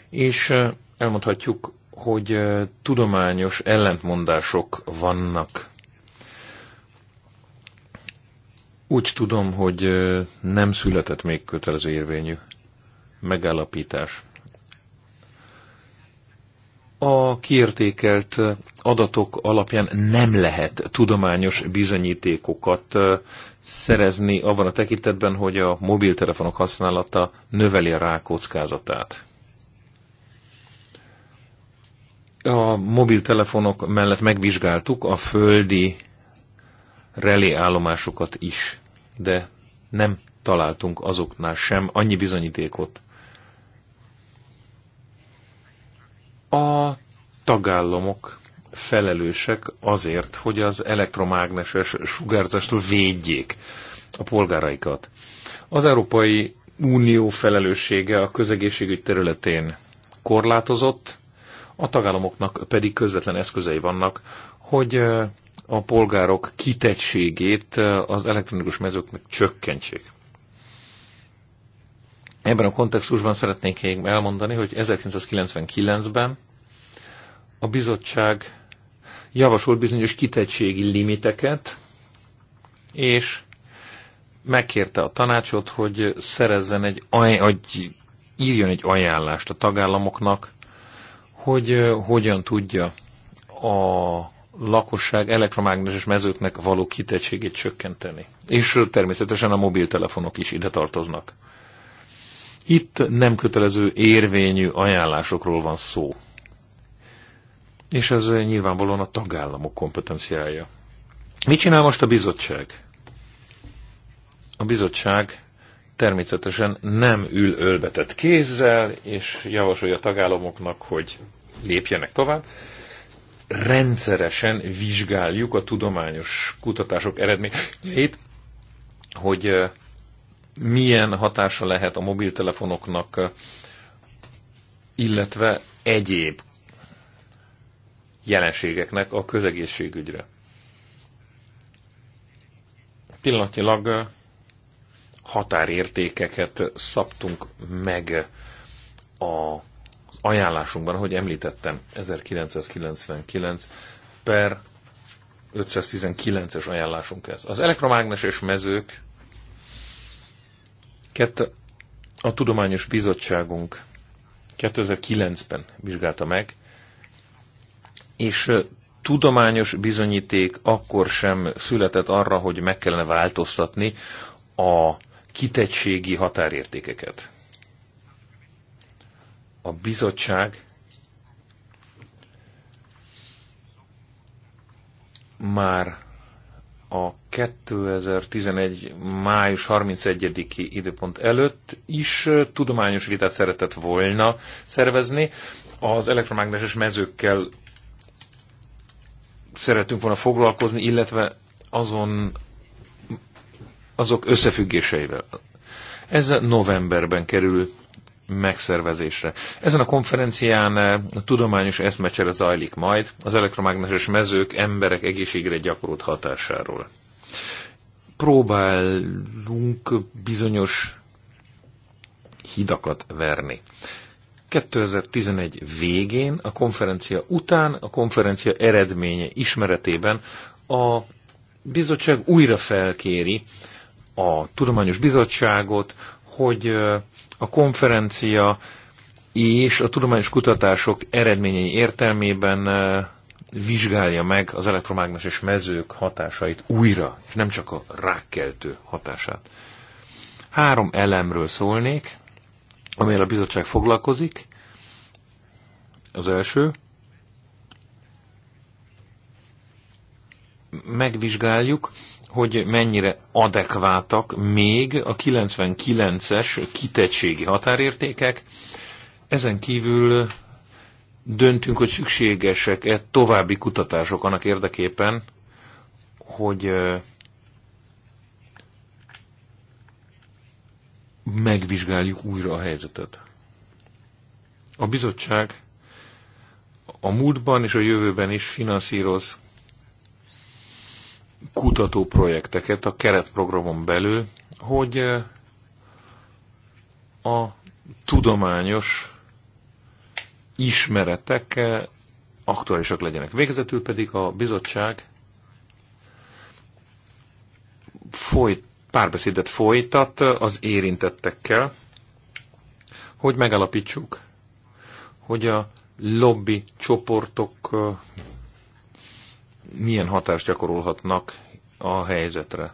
és elmondhatjuk, hogy tudományos ellentmondások vannak. Úgy tudom, hogy nem született még kötelező érvényű megállapítás. A kiértékelt adatok alapján nem lehet tudományos bizonyítékokat szerezni abban a tekintetben, hogy a mobiltelefonok használata növeli a rák kockázatát. A mobiltelefonok mellett megvizsgáltuk a földi relé állomásokat is, de nem találtunk azoknál sem annyi bizonyítékot. A tagállamok felelősek azért, hogy az elektromágneses sugárzástól védjék a polgáraikat. Az Európai Unió felelőssége a közegészségügy területén korlátozott, a tagállamoknak pedig közvetlen eszközei vannak, hogy a polgárok kitettségét az elektronikus mezőknek csökkentsék. Ebben a kontextusban szeretnék elmondani, hogy 1999-ben a bizottság javasolt bizonyos kitettségi limiteket, és megkérte a tanácsot, hogy szerezzen egy, egy írjon egy ajánlást a tagállamoknak, hogy hogyan tudja a lakosság elektromágneses mezőknek való kitettségét csökkenteni. És természetesen a mobiltelefonok is ide tartoznak. Itt nem kötelező érvényű ajánlásokról van szó és ez eh, nyilvánvalóan a tagállamok kompetenciája. Mit csinál most a bizottság? A bizottság természetesen nem ül ölbetett kézzel, és javasolja a tagállamoknak, hogy lépjenek tovább. Rendszeresen vizsgáljuk a tudományos kutatások eredményeit, hogy eh, milyen hatása lehet a mobiltelefonoknak, eh, illetve egyéb jelenségeknek a közegészségügyre. Pillanatnyilag határértékeket szabtunk meg a ajánlásunkban, ahogy említettem, 1999 per 519-es ajánlásunk ez. Az elektromágneses mezők a Tudományos Bizottságunk 2009-ben vizsgálta meg, és tudományos bizonyíték akkor sem született arra, hogy meg kellene változtatni a kitettségi határértékeket. A bizottság már a 2011. május 31-i időpont előtt is tudományos vitát szeretett volna szervezni az elektromágneses mezőkkel szeretünk volna foglalkozni, illetve azon azok összefüggéseivel. Ez novemberben kerül megszervezésre. Ezen a konferencián a eh, tudományos eszmecsere zajlik majd az elektromágneses mezők emberek egészségre gyakorolt hatásáról. Próbálunk bizonyos hidakat verni. 2011 végén, a konferencia után, a konferencia eredménye ismeretében a bizottság újra felkéri a tudományos bizottságot, hogy a konferencia és a tudományos kutatások eredményei értelmében vizsgálja meg az elektromágneses mezők hatásait újra, és nem csak a rákkeltő hatását. Három elemről szólnék, amelyel a bizottság foglalkozik. Az első. Megvizsgáljuk, hogy mennyire adekvátak még a 99-es kitettségi határértékek. Ezen kívül döntünk, hogy szükségesek-e további kutatások annak érdekében, hogy megvizsgáljuk újra a helyzetet. A bizottság a múltban és a jövőben is finanszíroz kutatóprojekteket a keretprogramon belül, hogy eh, a tudományos ismeretek eh, aktuálisak legyenek. Végezetül pedig a bizottság folyt párbeszédet folytat az érintettekkel, hogy megalapítsuk, hogy a lobby csoportok milyen hatást gyakorolhatnak a helyzetre.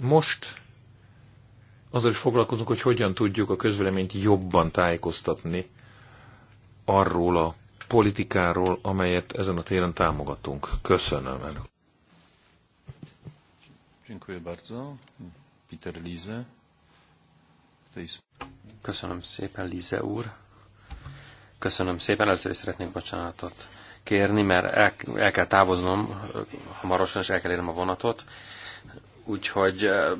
Most azzal is foglalkozunk, hogy hogyan tudjuk a közvéleményt jobban tájékoztatni arról a politikáról, amelyet ezen a téren támogatunk. Köszönöm. Dziękuję bardzo. Peter Lize. Köszönöm szépen, Lize úr. Köszönöm szépen, először is szeretnék bocsánatot kérni, mert el, el kell távoznom hamarosan, és el kell érnem a vonatot. Úgyhogy eh,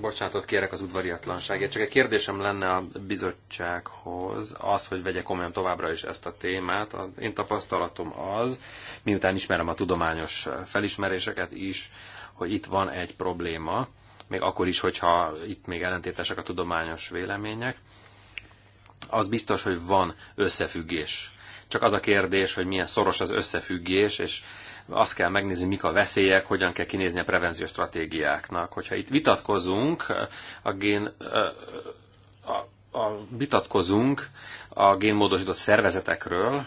bocsánatot kérek az udvariatlanságért. Csak egy kérdésem lenne a bizottsághoz, az, hogy vegye komolyan továbbra is ezt a témát. Az én tapasztalatom az, miután ismerem a tudományos eh, felismeréseket is, hogy itt van egy probléma, még akkor is, hogyha itt még ellentétesek a tudományos vélemények, az biztos, hogy van összefüggés. Csak az a kérdés, hogy milyen szoros az összefüggés, és azt kell megnézni, mik a veszélyek, hogyan kell kinézni a prevenció stratégiáknak. Hogyha itt vitatkozunk, a gén, a, a, vitatkozunk a génmódosított szervezetekről,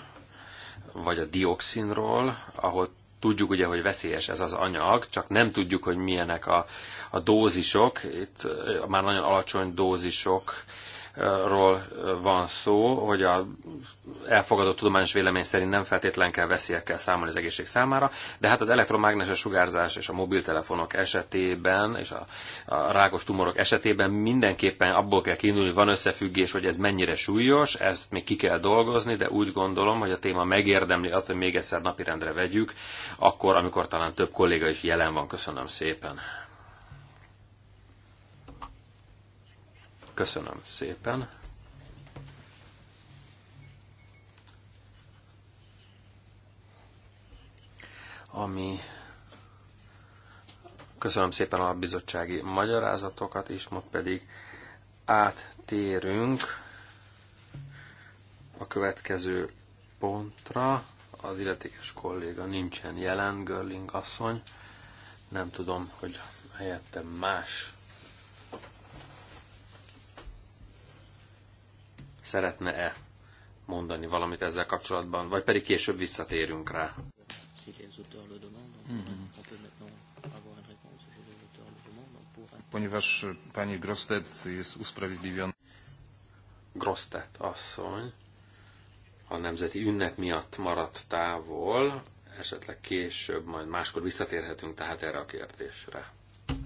vagy a dioxinról, ahol Tudjuk ugye, hogy veszélyes ez az anyag, csak nem tudjuk, hogy milyenek a, a dózisok. Itt már nagyon alacsony dózisok ról van szó, hogy a elfogadott tudományos vélemény szerint nem feltétlen kell veszélyekkel számolni az egészség számára, de hát az elektromágneses sugárzás és a mobiltelefonok esetében és a, a rákos tumorok esetében mindenképpen abból kell kiindulni, hogy van összefüggés, hogy ez mennyire súlyos, ezt még ki kell dolgozni, de úgy gondolom, hogy a téma megérdemli azt, hogy még egyszer napirendre vegyük, akkor, amikor talán több kolléga is jelen van. Köszönöm szépen. Köszönöm szépen. Ami Köszönöm szépen a bizottsági magyarázatokat, és most pedig áttérünk a következő pontra. Az illetékes kolléga nincsen jelen, Görling asszony. Nem tudom, hogy helyette más szeretne-e mondani valamit ezzel kapcsolatban, vagy pedig később visszatérünk rá. Ponieważ pani Grostet jest usprawiedliwiona. Grostet asszony a nemzeti ünnep miatt maradt távol, esetleg később, majd máskor visszatérhetünk tehát erre a kérdésre.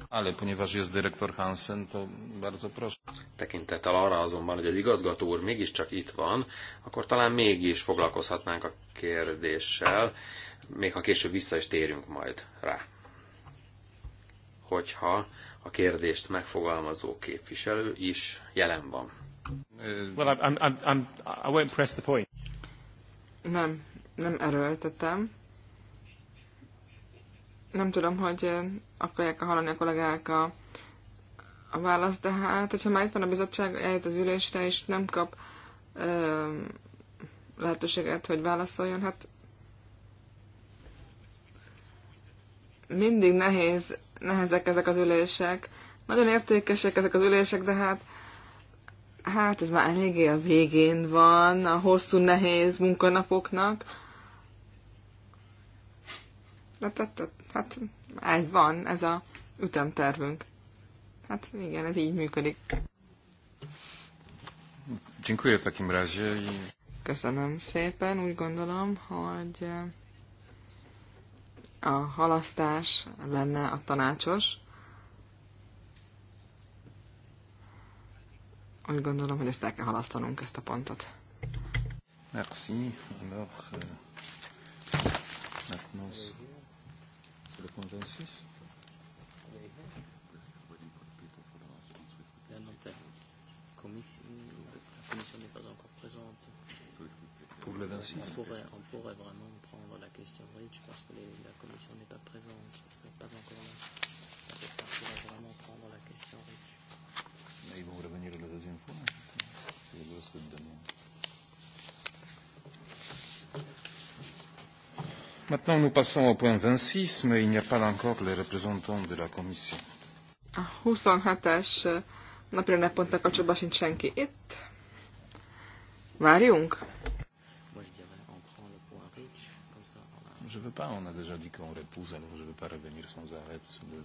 Ale ponieważ jest dyrektor Hansen, to bardzo proszę. Tekintettel arra azonban, hogy az igazgató úr mégiscsak itt van, akkor talán mégis foglalkozhatnánk a kérdéssel, még ha később vissza is térünk majd rá. Hogyha a kérdést megfogalmazó képviselő is jelen van. Well, I'm, I'm, I'm, I won't press the point. Nem, nem erőltetem nem tudom, hogy eh, akarják hallani a kollégák a, a választ, de hát, hogyha már itt van a bizottság, eljött az ülésre, és nem kap ö, eh, lehetőséget, hogy válaszoljon, hát mindig nehéz, nehezek ezek az ülések. Nagyon értékesek ezek az ülések, de hát hát ez már eléggé a végén van a hosszú, nehéz munkanapoknak. De, de, de, hát ez van, ez a ütemtervünk. Hát igen, ez így működik. Dziękuję w takim razie. Köszönöm szépen, úgy gondolom, hogy eh, a halasztás lenne a tanácsos. Úgy gondolom, hogy ezt el kell halasztanunk, ezt a pontot. Merci. Alors, euh, convences. La commission n'est pas encore présente. Pour le 26 on pourrait, on pourrait vraiment prendre la question Rich parce que les, la commission n'est pas présente, n'est pas encore là. on pourrait vraiment prendre la question Rich. Mais ils vont revenir la deuxième fois. C'est Maintenant, nous passons au point 26, mais il n'y a pas encore les représentants de la Commission. A 27-es napirendel ponttal kapcsolatban sincs senki itt. Várjunk? Je veux pas, on a déjà dit qu'on repousse, alors je veux pas revenir sans arrêt. Sur le...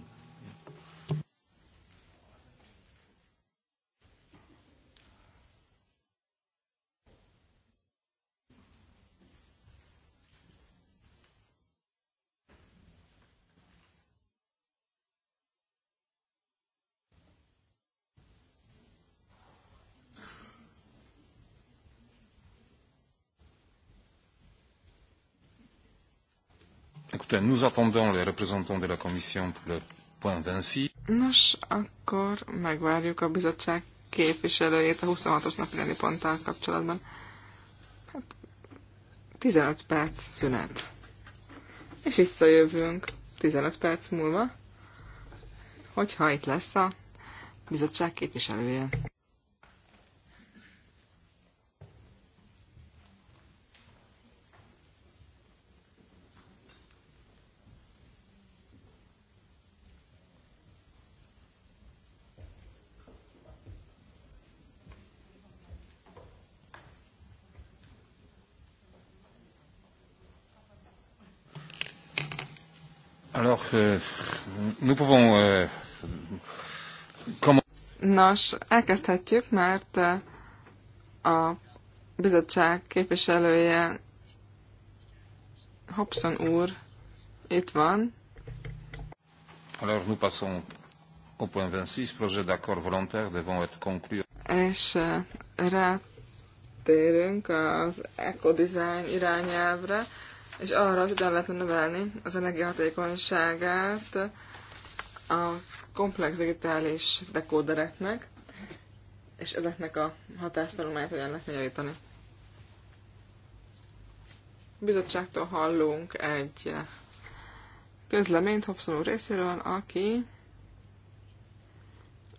Nous attendons les représentants de la Commission pour le point 26. Nos, akkor megvárjuk a bizottság képviselőjét a 26-os napi ponttal kapcsolatban. Hát, 15 perc szünet. És visszajövünk 15 perc múlva, hogyha itt lesz a bizottság képviselője. Eh, nous pouvons... Eh, Nos, elkezdhetjük, mert eh, a bizottság képviselője Hobson úr itt van. Alors nous passons au point 26, projet d'accord volontaire devant être conclu. És rátérünk az ecodesign irányelvre és arra, hogy hogyan lehetne növelni az energiahatékonyságát a komplex digitális dekódereknek, és ezeknek a hatástanulmányát hogyan lehetne javítani. Bizottságtól hallunk egy közleményt Hobson úr részéről, aki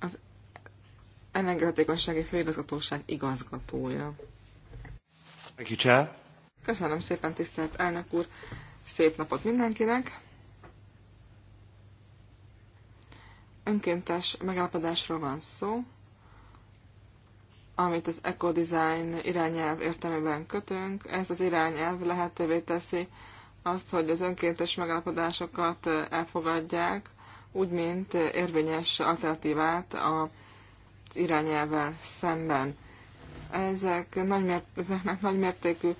az energiahatékonysági főigazgatóság igazgatója. Thank you, Chair. Köszönöm szépen, tisztelt elnök úr! Szép napot mindenkinek! Önkéntes megállapodásról van szó, amit az ecodesign irányelv értelmében kötünk. Ez az irányelv lehetővé teszi azt, hogy az önkéntes megállapodásokat elfogadják, úgy, mint érvényes alternatívát az irányelvvel szemben. Ezek nagy, ezeknek nagy mértékű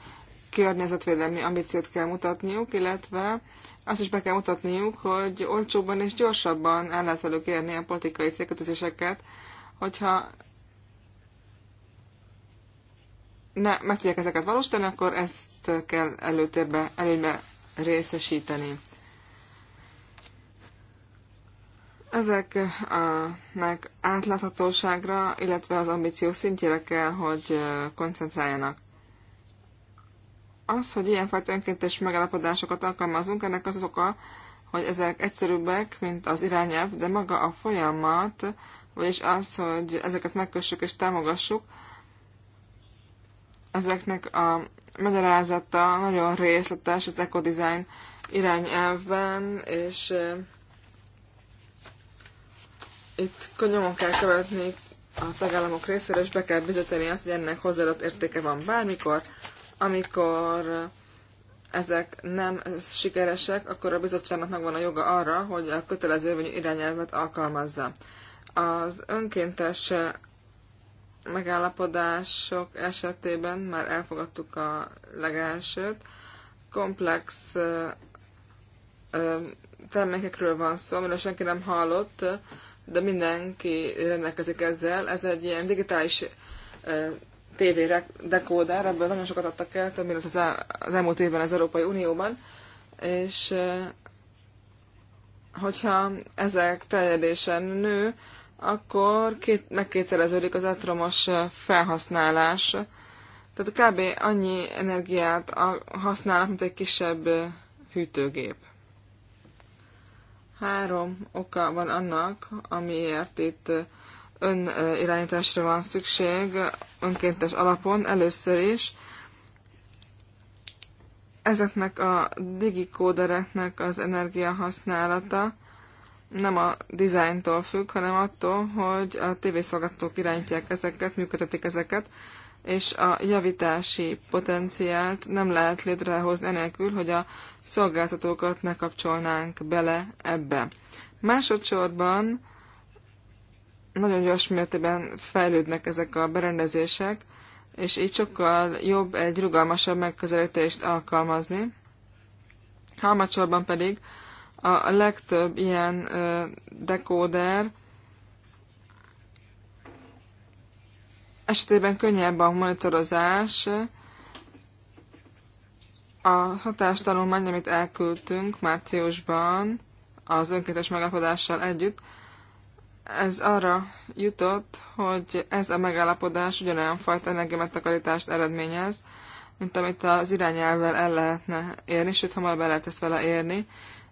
környezetvédelmi ambíciót kell mutatniuk, illetve azt is be kell mutatniuk, hogy olcsóbban és gyorsabban el lehet velük érni a politikai célkötözéseket, hogyha ne, meg tudják ezeket valósítani, akkor ezt kell előtérbe, előnybe részesíteni. Ezeknek átláthatóságra, illetve az ambíció szintjére kell, hogy koncentráljanak. Az, hogy ilyenfajta önkéntes megállapodásokat alkalmazunk, ennek az az oka, hogy ezek egyszerűbbek, mint az irányelv, de maga a folyamat, vagyis az, hogy ezeket megkössük és támogassuk, ezeknek a magyarázata nagyon részletes az ekodizájn irányelvben, és eh, itt nyomon kell követni a tagállamok részéről, és be kell bizonyítani azt, hogy ennek hozzáadott értéke van bármikor, amikor ezek nem sikeresek, akkor a bizottságnak megvan a joga arra, hogy a kötelező vagy irányelvet alkalmazza. Az önkéntes megállapodások esetében már elfogadtuk a legelsőt. Komplex termékekről van szó, amiről senki nem hallott, de mindenki rendelkezik ezzel. Ez egy ilyen digitális TV dekóder, ebből nagyon sokat adtak el, több mint az, az elmúlt évben az Európai Unióban, és eh, hogyha ezek teljesen nő, akkor két, megkétszereződik az atromos eh, felhasználás. Tehát kb. annyi energiát használnak, mint egy kisebb eh, hűtőgép. Három oka van annak, amiért itt önirányításra van szükség önkéntes alapon először is. Ezeknek a digikódereknek az energiahasználata nem a dizájntól függ, hanem attól, hogy a tévészolgatók irányítják ezeket, működtetik ezeket, és a javítási potenciált nem lehet létrehozni enélkül, hogy a szolgáltatókat ne kapcsolnánk bele ebbe. Másodszorban nagyon gyors mértében fejlődnek ezek a berendezések, és így sokkal jobb egy rugalmasabb megközelítést alkalmazni. Halmacsorban pedig a legtöbb ilyen dekóder esetében könnyebb a monitorozás. A hatástanulmány, amit elküldtünk márciusban az önkéntes megállapodással együtt, ez arra jutott, hogy ez a megállapodás ugyanolyan fajta energiamettakarítást eredményez, mint amit az irányelvvel el lehetne érni, sőt, hamar be lehet ezt vele érni,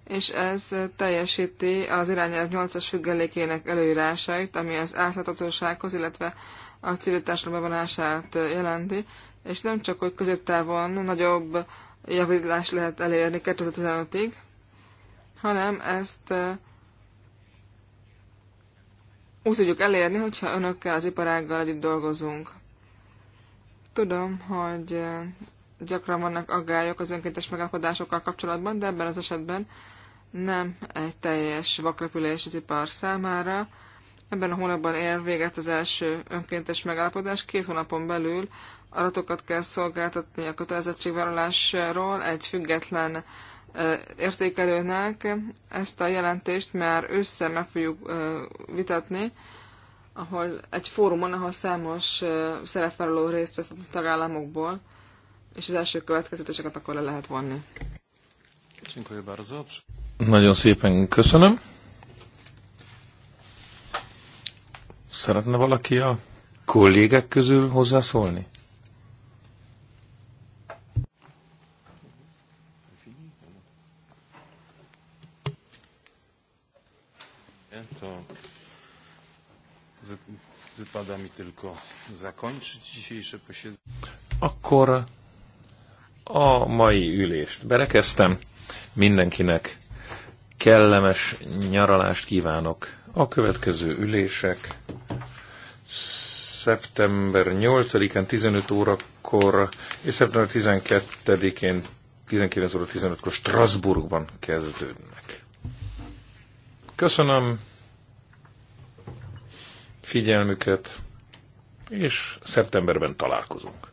és ez teljesíti az irányelv 8-as függelékének előírásait, ami az átláthatósághoz, illetve a civil társadalom bevonását jelenti, és nem csak, hogy középtávon nagyobb javítást lehet elérni 2015-ig, hanem ezt úgy tudjuk elérni, hogyha önökkel, az iparággal együtt dolgozunk. Tudom, hogy eh, gyakran vannak aggályok az önkéntes megállapodásokkal kapcsolatban, de ebben az esetben nem egy teljes vakrepülés az ipar számára. Ebben a hónapban ér véget az első önkéntes megállapodás. Két hónapon belül adatokat kell szolgáltatni a kötelezettségvállalásról egy független értékelőnek. Ezt a jelentést már össze meg fogjuk vitatni, ahol egy fórumon, ahol számos szerepvállaló részt vesz a tagállamokból, és az első következeteseket akkor le lehet vonni. Nagyon szépen köszönöm. Szeretne valaki a kollégek közül hozzászólni? Wypada mi tylko zakończyć dzisiejsze posiedzenie. Akkor a mai ülést berekeztem. Mindenkinek kellemes nyaralást kívánok. A következő ülések szeptember 8-án 15 órakor és szeptember 12-én 19 óra 15-kor Strasbourgban kezdődnek. Köszönöm figyelmüket, és szeptemberben találkozunk.